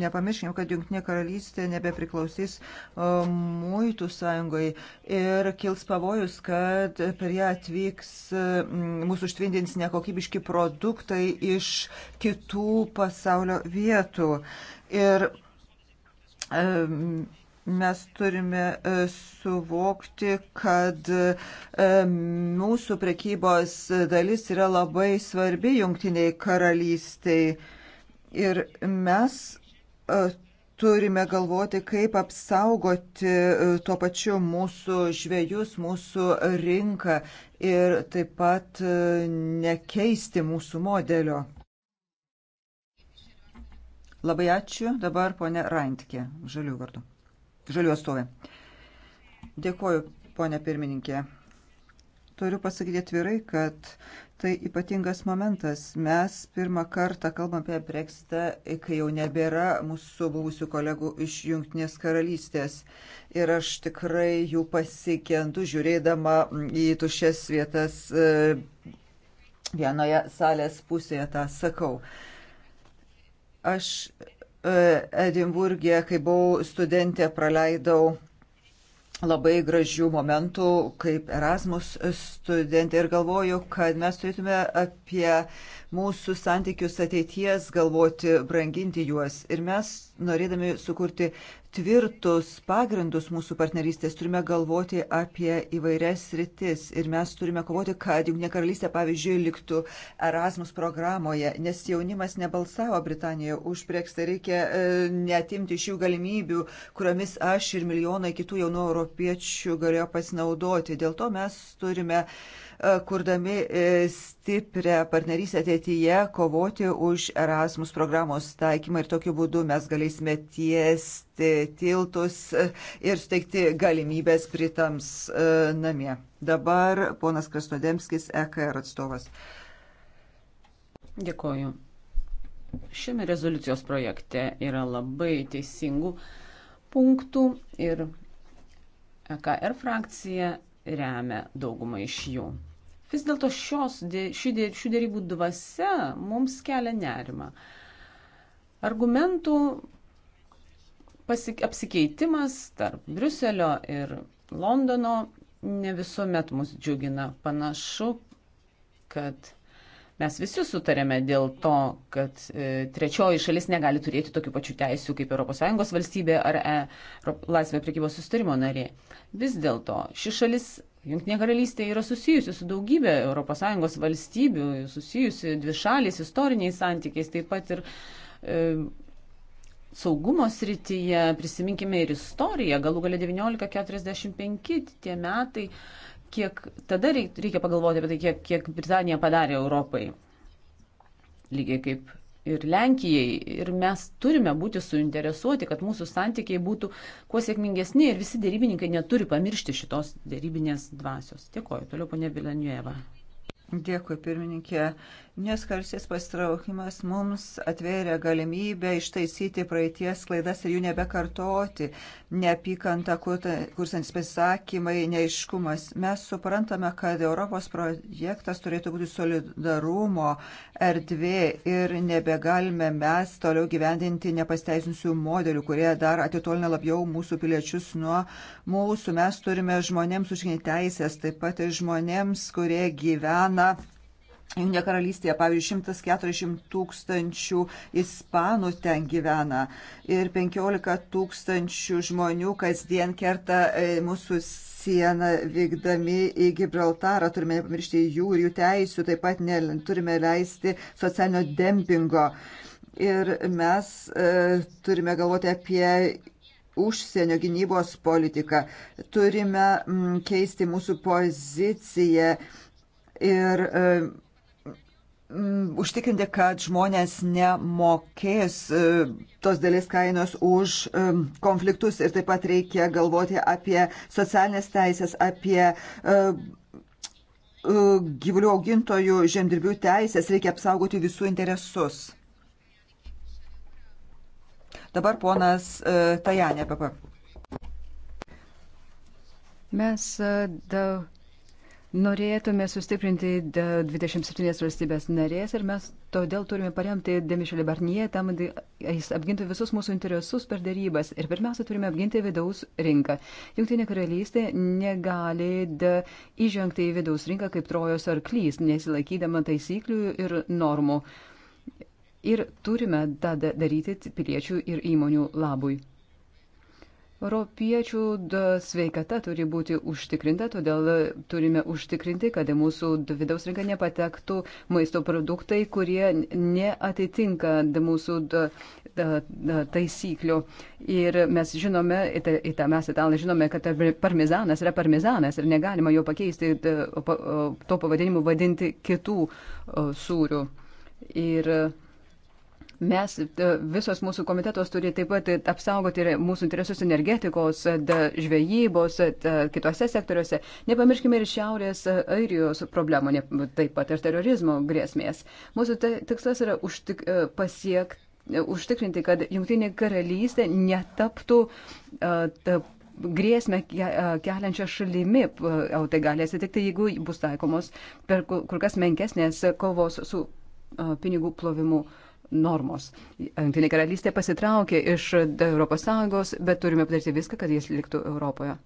nepamirškime, kad Junktinė karalystė nebepriklausys muitų sąjungoje ir kils pavojus, kad per ją atvyks, e, mūsų užtvindins nekokybiški produktai iš kitų pasaulio vietų. Ir um, mes turime e, suvokti, kad e, mūsų prekybos dalis yra labai svarbi jungtiniai karalystiai. Ir mes e, turime galvoti, kaip apsaugoti tuo pačiu mūsų žvėjus, mūsų rinką ir taip pat nekeisti mūsų modelio. Labai ačiū. Dabar ponia Rantke, žalių vardu žalių atstovė. Dėkuoju, ponė pirmininkė. Turiu pasakyti atvirai, kad tai ypatingas momentas. Mes pirmą kartą kalbam apie Brexitą, kai jau nebėra mūsų buvusių kolegų iš Junktinės karalystės. Ir aš tikrai jų pasikendu, žiūrėdama į tušes vietas e, vienoje salės pusėje, tą sakau. Aš Edimburgė, kai buvau studentė, praleidau labai gražių momentų kaip Erasmus studentė ir galvoju, kad mes turėtume apie mūsų santykius ateities, galvoti, branginti juos. Ir mes, norėdami sukurti tvirtus pagrindus mūsų partnerystės, turime galvoti apie įvairias rytis. Ir mes turime kovoti, kad Junktinė karalystė, pavyzdžiui, liktų Erasmus programoje, nes jaunimas nebalsavo Britanijoje už Brexitą. Reikia e, netimti šių galimybių, kuriomis aš ir milijonai kitų jaunų europiečių galėjo pasinaudoti. Dėl to mes turime kurdami e, stiprią partnerystę ateityje, kovoti už Erasmus programos taikymą ir tokiu būdu mes galėsime tiesti tiltus e, ir suteikti galimybės Britams e, namie. Dabar ponas Krasnodemskis, EKR atstovas. Dėkoju. Šiame rezoliucijos projekte yra labai teisingų punktų ir EKR frakcija remia daugumą iš jų. Vis dėlto šios, šių, šių dėrybų dvasia mums kelia nerimą. Argumentų pasik, apsikeitimas tarp Briuselio ir Londono ne visuomet mus džiugina. Panašu, kad mes visi sutarėme dėl to, kad e, trečioji šalis negali turėti tokių pačių teisių kaip ES valstybė ar e, Laisvė priekybos sustarimo narė. Vis dėlto ši šalis Junktinė karalystė yra susijusi su daugybė ES valstybių, susijusi dvišaliais istoriniais santykiais, taip pat ir e, saugumo srityje, prisiminkime ir istoriją, galų gale 1945 tie metai, kiek tada reikia pagalvoti apie tai, kiek, kiek Britanija padarė Europai. Lygiai kaip ir Lenkijai. Ir mes turime būti suinteresuoti, kad mūsų santykiai būtų kuo sėkmingesni ir visi dėrybininkai neturi pamiršti šitos dėrybinės dvasios. Dėkoju. Toliau ponė Vilanieva. Dėkui, pirmininkė. Nes karšės pastraukimas mums atvėrė galimybę ištaisyti praeities klaidas ir jų nebekartoti. Neapykanta, kursantis pasisakymai, neiškumas. Mes suprantame, kad Europos projektas turėtų būti solidarumo erdvė ir nebegalime mes toliau gyvendinti nepasteisinsių modelių, kurie dar atitolina labiau mūsų piliečius nuo mūsų. Mes turime žmonėms užginti teisės, taip pat ir žmonėms, kurie gyvena Jungtinė karalystėje, pavyzdžiui, 140 tūkstančių ispanų ten gyvena ir 15 tūkstančių žmonių kasdien kerta e, mūsų sieną vykdami į Gibraltarą. Turime nepamiršti jų ir jų teisių, taip pat ne, turime leisti socialinio dempingo. Ir mes e, turime galvoti apie užsienio gynybos politiką. Turime m, keisti mūsų poziciją ir e, Mm, užtikrinti, kad žmonės nemokės e, tos dalies kainos už e, konfliktus ir taip pat reikia galvoti apie socialinės teisės, apie e, gyvulių augintojų žemdirbių teisės, reikia apsaugoti visų interesus. Dabar ponas Tajanė, PP. Mes da, Norėtume sustiprinti 27 valstybės narės ir mes todėl turime paremti Demišelį Barnie, tam jis apgintų visus mūsų interesus per darybas ir pirmiausia turime apginti vidaus rinką. Junktinė karalystė negali įžengti į vidaus rinką kaip trojos arklys, nesilaikydama taisyklių ir normų. Ir turime tą daryti piliečių ir įmonių labui. Europiečių sveikata turi būti užtikrinta, todėl turime užtikrinti, kad į mūsų vidaus rinką nepatektų maisto produktai, kurie neatitinka mūsų taisyklių. Ir mes žinome, į tą mes italai žinome, kad parmezanas yra parmezanas ir negalima jo pakeisti, to pavadinimu vadinti kitų sūrių. Ir mes, e, visos mūsų komitetos turi taip pat apsaugoti ir mūsų interesus energetikos, žvejybos, e, kitose sektoriuose. Nepamirškime ir Šiaurės Airijos problemų, taip pat ir terorizmo grėsmės. Mūsų tikslas yra užtik, e, pasiekti. Užtikrinti, kad Junktinė karalystė netaptų uh, grėsmę keliančią šalimi, o tai gali atsitikti, jeigu bus taikomos per kur kas menkesnės kovos su pinigų plovimu uh, normos. Jungtinė karalystė pasitraukė iš ES, bet turime padaryti viską, kad jis liktų Europoje.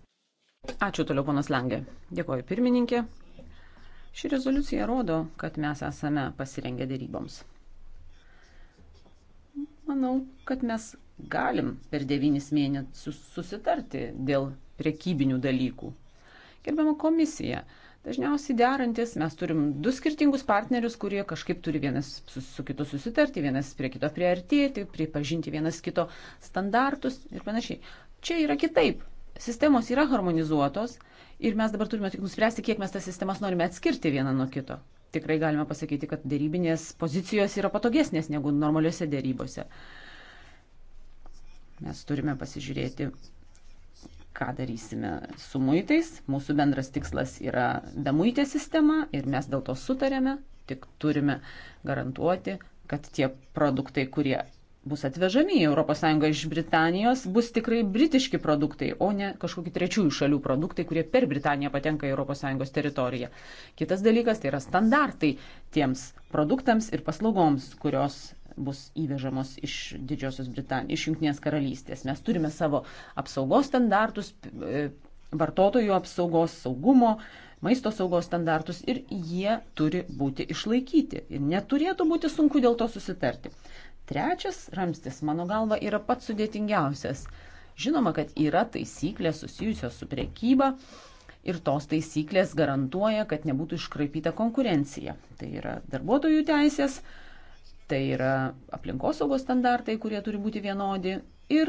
Ačiū toliau, ponas Langė. Dėkoju, pirmininkė. Ši rezoliucija rodo, kad mes esame pasirengę dėryboms. Manau, kad mes galim per devynis mėnesius susitarti dėl prekybinių dalykų. Gerbiama komisija, uh, Dažniausiai derantis mes turim du skirtingus partnerius, kurie kažkaip turi vienas su, su kitu susitarti, vienas prie kito priartėti, pripažinti vienas kito standartus ir panašiai. Čia yra kitaip. Sistemos yra harmonizuotos ir mes dabar turime tik nuspręsti, kiek mes tas sistemas norime atskirti vieną nuo kito. Tikrai galime pasakyti, kad dėrybinės pozicijos yra patogesnės negu normaliuose dėrybose. Mes turime pasižiūrėti, ką darysime su muitais. Mūsų bendras tikslas yra bemuitė sistema ir mes dėl to sutarėme, tik turime garantuoti, kad tie produktai, kurie bus atvežami į ES iš Britanijos, bus tikrai britiški produktai, o ne kažkokie trečiųjų šalių produktai, kurie per Britaniją patenka į ES teritoriją. Kitas dalykas tai yra standartai tiems produktams ir paslaugoms, kurios bus įvežamos iš Didžiosios Britanijos, iš Junktinės karalystės. Mes turime savo apsaugos standartus, e, vartotojų apsaugos, saugumo, maisto saugos standartus ir jie turi būti išlaikyti. Ir neturėtų būti sunku dėl to susitarti. Trečias ramstis, mano galva, yra pats sudėtingiausias. Žinoma, kad yra taisyklės susijusios su priekyba ir tos taisyklės garantuoja, kad nebūtų iškraipyta konkurencija. Tai yra darbuotojų teisės, uh, Tai yra aplinkosaugos standartai, kurie turi būti vienodi ir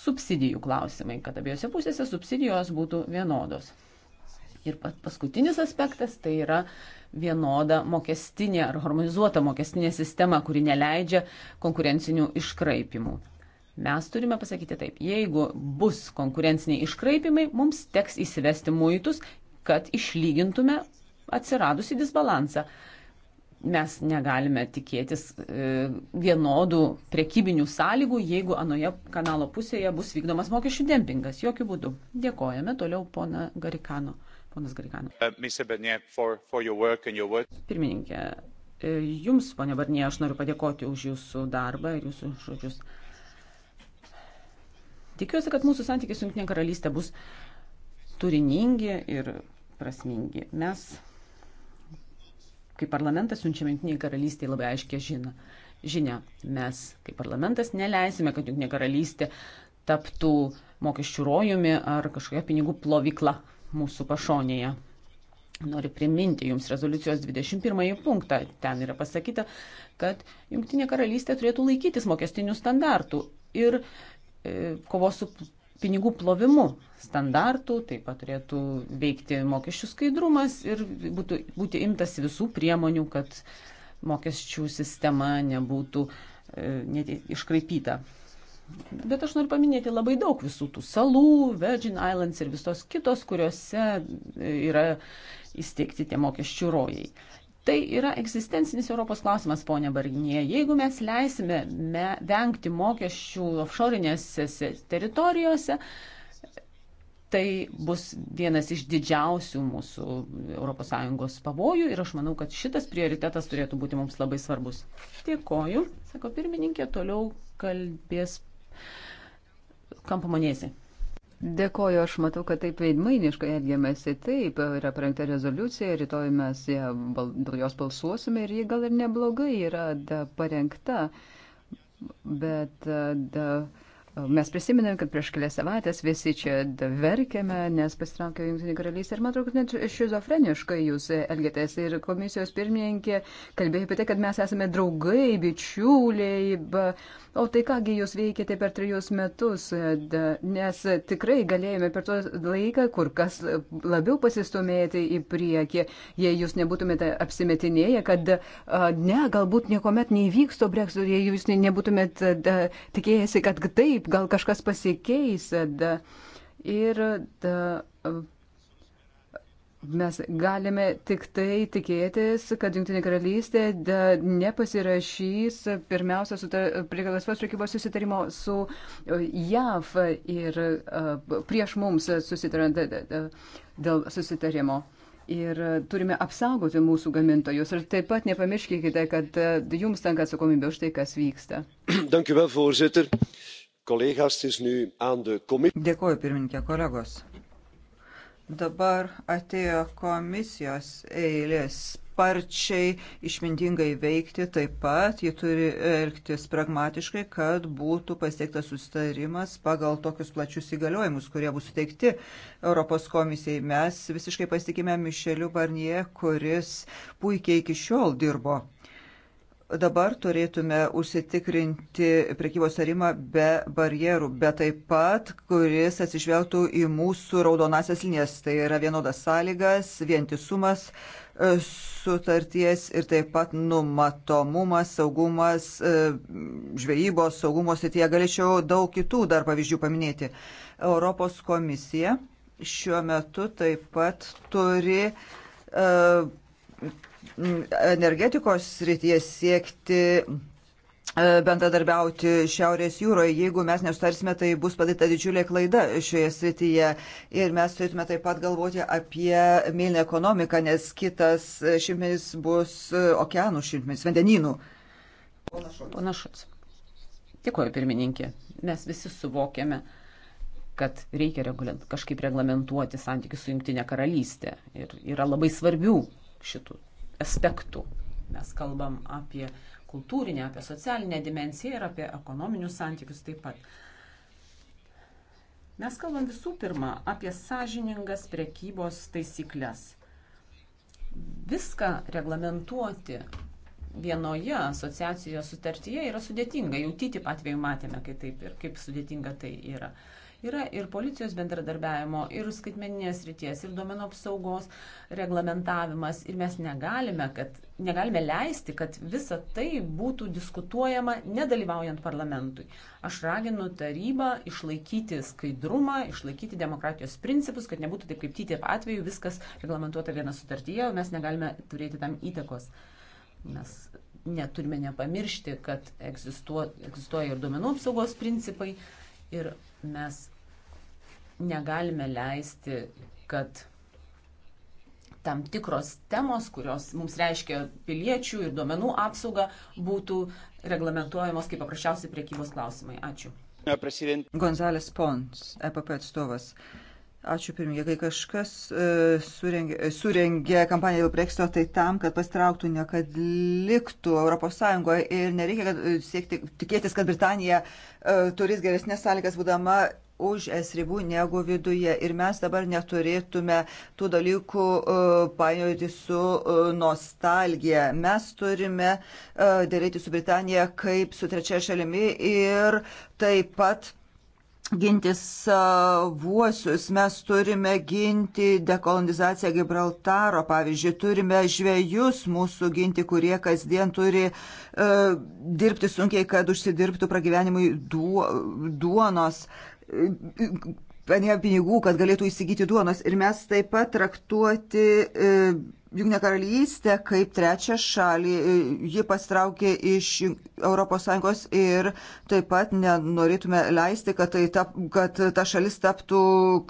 subsidijų klausimai, kad abiejose pusėse subsidijos būtų vienodos. Ir paskutinis aspektas tai yra vienoda mokestinė ar harmonizuota mokestinė sistema, kuri neleidžia konkurencinių iškraipimų. Mes turime pasakyti taip, jeigu bus konkurenciniai iškraipimai, mums teks įsivesti muitus, kad išlygintume atsiradusi disbalansą mes negalime tikėtis e, vienodų prekybinių sąlygų, jeigu anoje kanalo pusėje bus vykdomas mokesčių dempingas. Jokių būdų. Dėkojame toliau pona Garikano. Ponas Garikano. Uh, Pirmininkė, e, jums, ponia Barnie, aš noriu padėkoti už jūsų darbą ir jūsų žodžius. Tikiuosi, kad mūsų santykiai su Junktinė karalystė bus turiningi ir prasmingi. Mes kaip parlamentas siunčiame Junktiniai karalystiai labai aiškia žina. žinia. Mes kaip parlamentas neleisime, kad Junktinė karalystė taptų mokesčių rojumi ar kažkokia pinigų plovykla mūsų pašonėje. Noriu priminti Jums rezoliucijos 21 punktą. Ten yra pasakyta, kad Junktinė karalystė turėtų laikytis mokestinių standartų ir e, kovos su pinigų plovimu standartų, taip pat turėtų veikti mokesčių skaidrumas ir būtų, būti imtas visų priemonių, kad mokesčių sistema nebūtų e, iškraipyta. Bet aš noriu paminėti labai daug visų tų salų, Virgin Islands ir visos kitos, kuriuose e, yra įsteigti tie mokesčių rojai. Tai yra egzistencinis Europos klausimas, ponė Barginė. Jeigu mes leisime me vengti mokesčių offshore'inėse teritorijose, tai bus vienas iš didžiausių mūsų ES pavojų ir aš manau, kad šitas prioritetas turėtų būti mums labai svarbus. Dėkoju, sako pirmininkė, toliau kalbės kampamonėsi. Dėkoju, aš matau, kad taip veidmainiškai elgiamasi. Taip, yra parengta rezoliucija, rytoj mes dėl jos balsuosime ir ji gal ir neblogai yra da, parengta. Bet da, Mes prisiminėm, kad prieš kelias savaitės visi čia verkėme, nes pasitraukė Junktinė karalystė ir man atrodo, net šizofreniškai jūs elgėtės. Ir komisijos pirmininkė kalbėjo apie tai, kad mes esame draugai, bičiuliai, ba, o tai kągi jūs veikėte per trejus metus, da, nes tikrai galėjome per tą laiką kur kas labiau pasistumėti į priekį, jei jūs nebūtumėte apsimetinėję, kad a, ne, galbūt niekuomet neįvyks to breksito, jei jūs nebūtumėte tikėjęsi, kad taip taip, gal kažkas pasikeis da, ir da, mes galime tik tai tikėtis, kad Junktinė karalystė da, nepasirašys pirmiausia prie laisvos prekybos susitarimo su JAV ir a, prieš mums susitarant dėl susitarimo. Ir turime apsaugoti mūsų gamintojus. Ir taip pat nepamirškite, kad jums tenka atsakomybė už tai, kas vyksta. Dankjewel, voorzitter. Collega's, het is nu aan de commissie. Dėkuoju, pirmininkė, kolegos. Dabar atėjo komisijos eilės sparčiai, išmintingai veikti taip pat, ji turi elgtis pragmatiškai, kad būtų pasiektas sustarimas pagal tokius plačius įgaliojimus, kurie bus suteikti Europos komisijai. Mes visiškai pasitikime Mišeliu Barnie, kuris puikiai iki šiol dirbo dabar turėtume užsitikrinti prekybos tarimą be barjerų, bet taip pat, kuris atsižvelgtų į mūsų raudonasias linijas. Tai yra vienodas sąlygas, vientisumas e, sutarties ir taip pat numatomumas, saugumas, e, žvejybos, saugumo srityje. Galėčiau daug kitų dar pavyzdžių paminėti. Europos komisija šiuo metu taip pat turi uh, energetikos srityje siekti e, bendradarbiauti Šiaurės jūroje. Jeigu mes nesutarsime, tai bus padaryta didžiulė klaida šioje srityje. Ir mes turėtume taip pat galvoti apie mėlyną ekonomiką, nes kitas šimtmetis bus e, okeanų šimtmetis, vandenynų. Panašus. Dėkuoju, pirmininkė. Mes visi suvokiame, kad reikia reguliant, kažkaip reglamentuoti santykius su Junktinė karalystė. Ir yra labai svarbių šitų aspektų. Mes kalbam apie kultūrinę, apie socialinę dimenciją ir apie ekonominius santykius taip pat. Mes kalbam visų pirma apie sąžiningas prekybos taisyklės. Viską reglamentuoti vienoje asociacijos sutartyje yra sudėtinga. Jau tyti patvėjų matėme, kaip, taip, ir kaip sudėtinga tai yra. Uh, Yra ir policijos bendradarbiavimo, ir skaitmeninės ryties, ir duomenų apsaugos reglamentavimas. Ir mes negalime, kad, negalime leisti, kad visa tai būtų diskutuojama nedalyvaujant parlamentui. Aš raginu tarybą išlaikyti skaidrumą, išlaikyti demokratijos principus, kad nebūtų taip kaip tytė atveju, viskas reglamentuota viena sutartyje, o mes negalime turėti tam įtakos. Mes neturime nepamiršti, kad egzistuoja ir duomenų apsaugos principai ir mes negalime leisti, kad tam tikros temos, kurios mums reiškia piliečių ir duomenų apsaugą, būtų reglamentuojamos kaip paprasčiausi priekybos klausimai. Ačiū. Gonzales Pons, EPP atstovas. Ačiū pirmie, kai kažkas e, surengė, e, surengė kampaniją dėl Brexito, tai tam, kad pastrauktų, ne kad liktų ES ir nereikia kad, e, siekti, tikėtis, kad Britanija e, turės geresnės sąlygas būdama už es ribų negu viduje. Ir mes dabar neturėtume tų dalykų e, painioti su e, nostalgija. Mes turime e, dėrėti su Britanija kaip su trečia šalimi ir taip pat ginti savuosius, mes turime ginti dekolonizaciją Gibraltaro, pavyzdžiui, turime žvėjus mūsų ginti, kurie kasdien turi uh, dirbti sunkiai, kad užsidirbtų pragyvenimui duonos. Uh, panėjo pinigų, kad galėtų įsigyti duonos. Ir mes taip pat traktuoti e, Junktinę karalystę kaip trečią šalį. E, ji pastraukė iš ES ir taip pat nenorėtume leisti, kad, tai tap, kad ta šalis taptų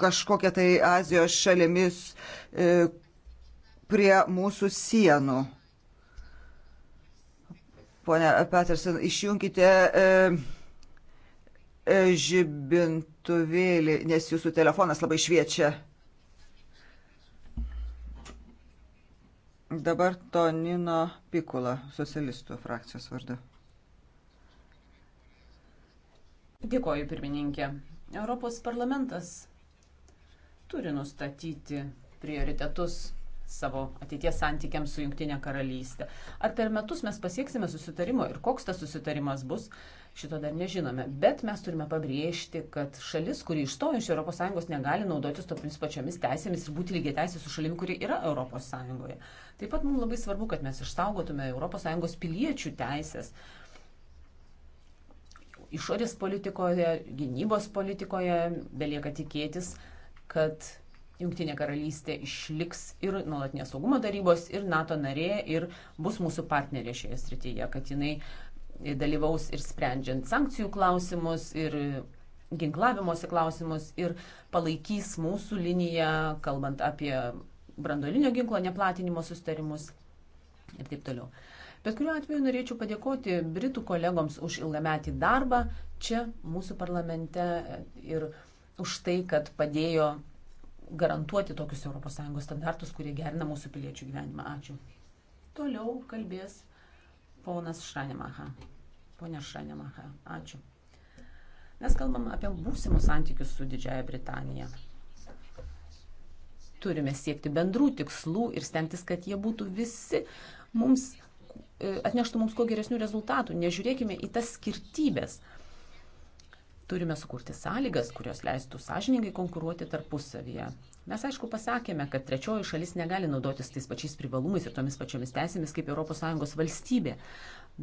kažkokia tai Azijos šalimis e, prie mūsų sienų. Pone Peterson, išjungkite. E, žibintuvėlį, nes jūsų telefonas labai šviečia. Dabar Tonino Pikula, socialistų frakcijos vardu. Dėkoju, pirmininkė. Europos parlamentas turi nustatyti prioritetus savo ateities santykiams su Junktinė karalystė. Ar per metus mes pasieksime susitarimo ir koks tas susitarimas bus? Uh, Šito dar nežinome, bet mes turime pabrėžti, kad šalis, kuri išstojo iš ES, negali naudotis tomis pačiomis teisėmis ir būti lygiai teisė su šalim, kuri yra ES. Taip pat mums labai svarbu, kad mes išsaugotume ES piliečių teisės. Išorės politikoje, gynybos politikoje belieka tikėtis, kad Junktinė karalystė išliks ir nuolatinės saugumo darybos, ir NATO narė, ir bus mūsų partnerė šioje srityje, kad jinai uh, dalyvaus ir sprendžiant sankcijų klausimus, ir ginklavimosi klausimus, ir palaikys mūsų liniją, kalbant apie brandolinio ginklo neplatinimo sustarimus ir taip toliau. Bet kuriuo atveju norėčiau padėkoti Britų kolegoms už ilgametį darbą čia mūsų parlamente ir už tai, kad padėjo garantuoti tokius ES standartus, kurie gerina mūsų piliečių gyvenimą. Ačiū. Toliau kalbės Ponas Šranemacha. Pone Šranemacha, ačiū. Mes kalbam apie būsimus santykius su Didžiaja Britanija. Turime siekti bendrų tikslų ir stengtis, kad jie būtų visi mums, e, atneštų mums kuo geresnių rezultatų. Nežiūrėkime į tas skirtybės. Uh, Turime sukurti sąlygas, kurios leistų sąžiningai konkuruoti tarpusavyje. Mes aišku pasakėme, kad trečioji šalis negali naudotis tais pačiais privalumais ir tomis pačiomis teisėmis kaip ES valstybė.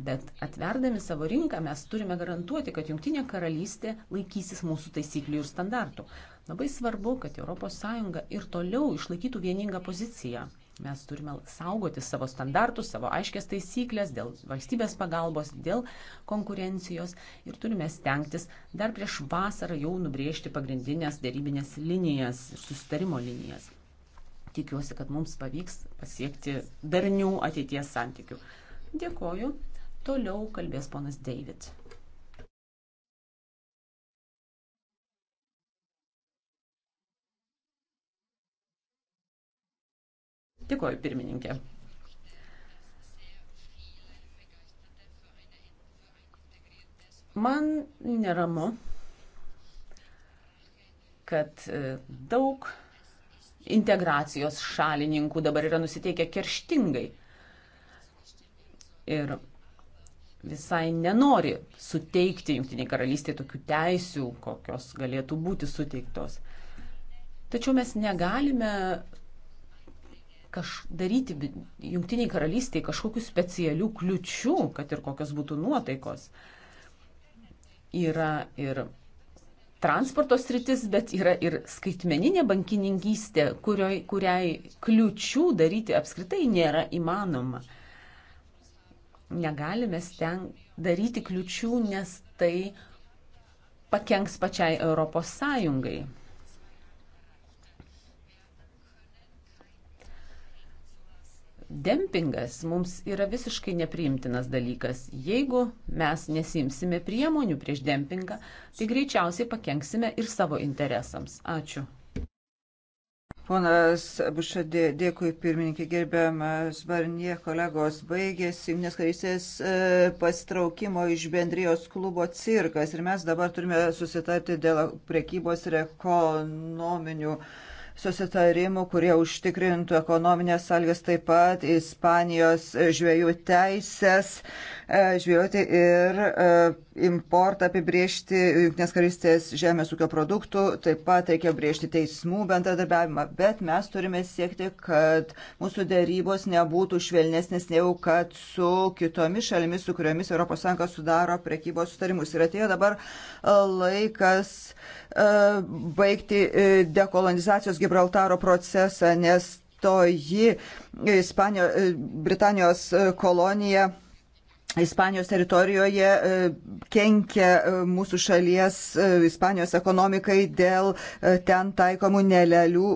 Bet atverdami savo rinką mes turime garantuoti, kad Junktinė karalystė laikysis mūsų taisyklių ir standartų. Labai svarbu, kad ES ir toliau išlaikytų vieningą poziciją. Mes turime saugoti savo standartus, savo aiškės taisyklės dėl valstybės pagalbos, dėl konkurencijos ir turime stengtis dar prieš vasarą jau nubriežti pagrindinės dėrybinės linijas, sustarimo linijas. Tikiuosi, kad mums pavyks pasiekti darnių ateities santykių. Dėkoju. Toliau kalbės ponas David. Dėkoju, pirmininkė. Man neramu, kad e, daug integracijos šalininkų dabar yra nusiteikę kerštingai ir visai nenori suteikti Junktiniai karalystiai tokių teisių, kokios galėtų būti suteiktos. Tačiau mes negalime kaž, daryti jungtiniai karalystiai kažkokių specialių kliučių, kad ir kokios būtų nuotaikos. Yra ir transporto sritis, bet yra ir skaitmeninė bankininkystė, kurioj, kuriai kliučių daryti apskritai nėra įmanoma. Negalime ten daryti kliučių, nes tai pakenks pačiai Europos Sąjungai. Dempingas mums yra visiškai nepriimtinas dalykas. Jeigu mes nesimsime priemonių prieš dempingą, tai greičiausiai pakenksime ir savo interesams. Ačiū. Ponas Bušadė, dėkui pirmininkė, gerbiamas Barnie, kolegos, baigėsi Junktinės karystės e, pasitraukimo iš bendrijos klubo cirkas ir mes dabar turime susitarti dėl prekybos ir ekonominių uh, susitarimų, kurie užtikrintų ekonominės sąlygas taip pat Ispanijos žvėjų teisės e, žvėjoti ir e, importą apibriežti Junktinės karystės žemės ūkio produktų, taip pat reikia briežti teismų bendradarbiavimą, bet mes turime siekti, kad mūsų dėrybos nebūtų švelnesnės negu kad su kitomis šalimis, su kuriomis ES sudaro prekybos sutarimus. Ir atėjo dabar laikas e, baigti dekolonizacijos Gibraltaro procesą, nes toji Ispanio, Britanijos kolonija Ispanijos teritorijoje e, kenkia e, mūsų šalies e, Ispanijos ekonomikai dėl ten taikomų nelelių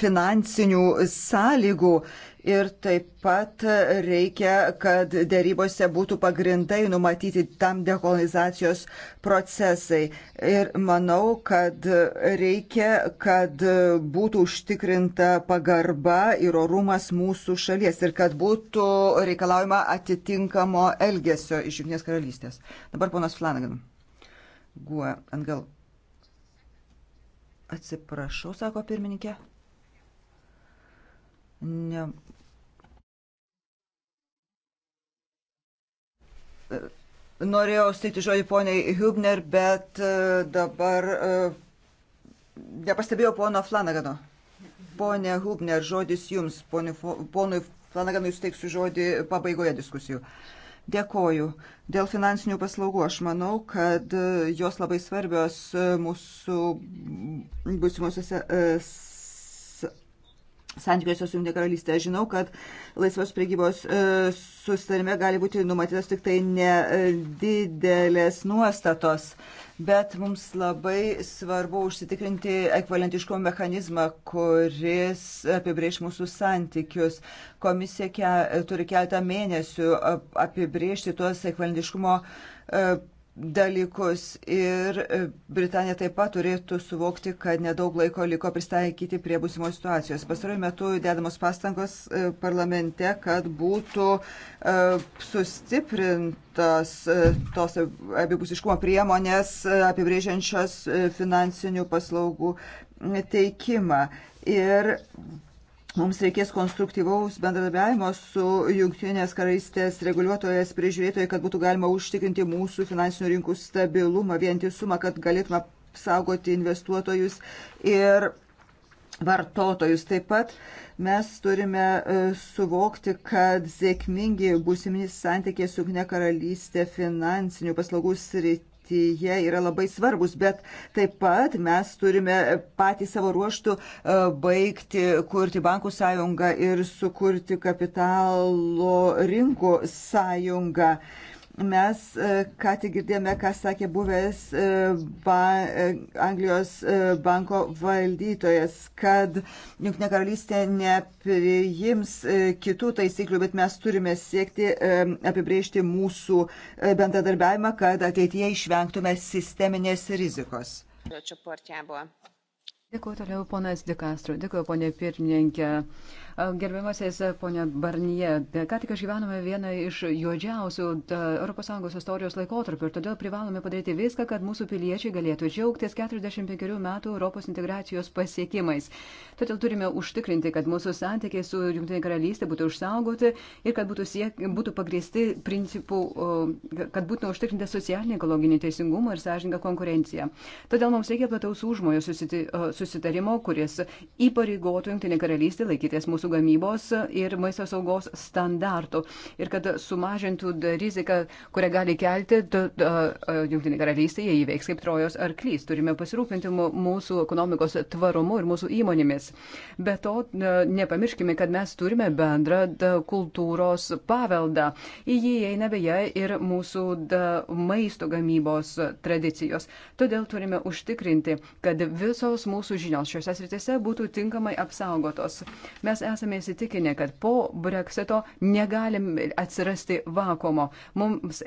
finansinių sąlygų Ir taip pat reikia, kad dėrybose būtų pagrindai numatyti tam dekolonizacijos procesai. Ir manau, kad reikia, kad būtų užtikrinta pagarba ir orumas mūsų šalies ir kad būtų reikalaujama atitinkamo elgesio iš Junktinės karalystės. Dabar ponas Flanagan. Guo, atgal. Atsiprašau, sako pirmininkė. Ne, norėjau steiti žodį poniai Hubner, bet e, dabar e, nepastebėjau pono Flanagano. Pone Hubner, žodis jums, ponui, ponui Flanaganui suteiksiu žodį pabaigoje diskusijų. Dėkoju. Dėl finansinių paslaugų aš manau, kad e, jos labai svarbios mūsų būsimosiuose santykiuose su Junktinė karalystė. Aš žinau, kad laisvos priegybos e, sustarime gali būti numatytas tik tai nedidelės e, nuostatos, bet mums labai svarbu užsitikrinti ekvalentiško mechanizmą, kuris apibrėž mūsų santykius. Komisija ke, turi keletą mėnesių apibrėžti tuos ekvalentiškumo e, dalykus ir e, Britanija taip pat turėtų suvokti, kad nedaug laiko liko pristaikyti prie būsimos situacijos. Pastaruoju metu dedamos pastangos e, parlamente, kad būtų e, sustiprintas tos abipusiškumo priemonės apibrėžiančios finansinių paslaugų teikimą. Ir Mums reikės konstruktyvaus bendradarbiavimo su Junktinės karalystės reguliuotojas prižiūrėtojai, kad būtų galima užtikrinti mūsų finansinių rinkų stabilumą, vientisumą, kad galėtume saugoti investuotojus ir vartotojus. Taip pat mes turime e, suvokti, kad sėkmingi būsimys santykiai su Junktinė karalystė finansinių paslaugų srityje srityje yra labai svarbus, bet taip pat mes turime patys savo ruoštų e, baigti kurti bankų sąjungą ir sukurti kapitalo rinkų sąjungą. Mes e, ką tik girdėjome, ką sakė buvęs e, ba, e, Anglijos banko valdytojas, kad Junktinė karalystė nepriims kitų taisyklių, bet mes turime siekti apibriežti mūsų bendradarbiavimą, kad ateityje išvengtume sisteminės rizikos. Dėkuoju toliau, ponas Dikastro. Dėkuoju, ponė pirmininkė. Gerbiamasis ponia Barnie, ką tik išgyvenome vieną iš juodžiausių ES istorijos laikotarpių ir todėl privalome padaryti viską, kad mūsų piliečiai galėtų džiaugtis 45 metų Europos integracijos pasiekimais. Todėl turime užtikrinti, kad mūsų santykiai su Junktinė karalystė būtų užsaugoti ir kad būtų, siek, būtų pagristi principų, kad būtų užtikrinti socialinį, ekologinį teisingumą ir sąžininką konkurenciją. Todėl mums reikia plataus užmojo susitarimo, kuris įpareigotų Junktinė karalystė laikytis mūsų mūsų gamybos ir maisto saugos standartų ir kad sumažintų riziką, kurią gali kelti Junktinė karalystė, jie įveiks kaip trojos arklys. Turime pasirūpinti mūsų ekonomikos tvarumu ir mūsų įmonėmis. Be to, nepamirškime, kad mes turime bendrą kultūros paveldą. Į jį įeina beje ir mūsų maisto gamybos tradicijos. Todėl turime užtikrinti, kad visos mūsų žinios šiuose sritise būtų tinkamai apsaugotos. Mes esame esame įsitikinę, kad po breksito negalim atsirasti vakumo. Mums,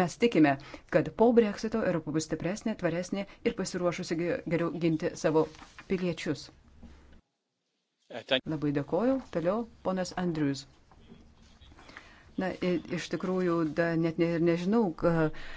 mes tikime, kad po breksito Europa bus stipresnė, tvaresnė ir pasiruošusi geriau ginti savo piliečius. Uh, Labai dėkoju. Toliau ponas Andrius. Na, iš tikrųjų, da, net ne, nežinau,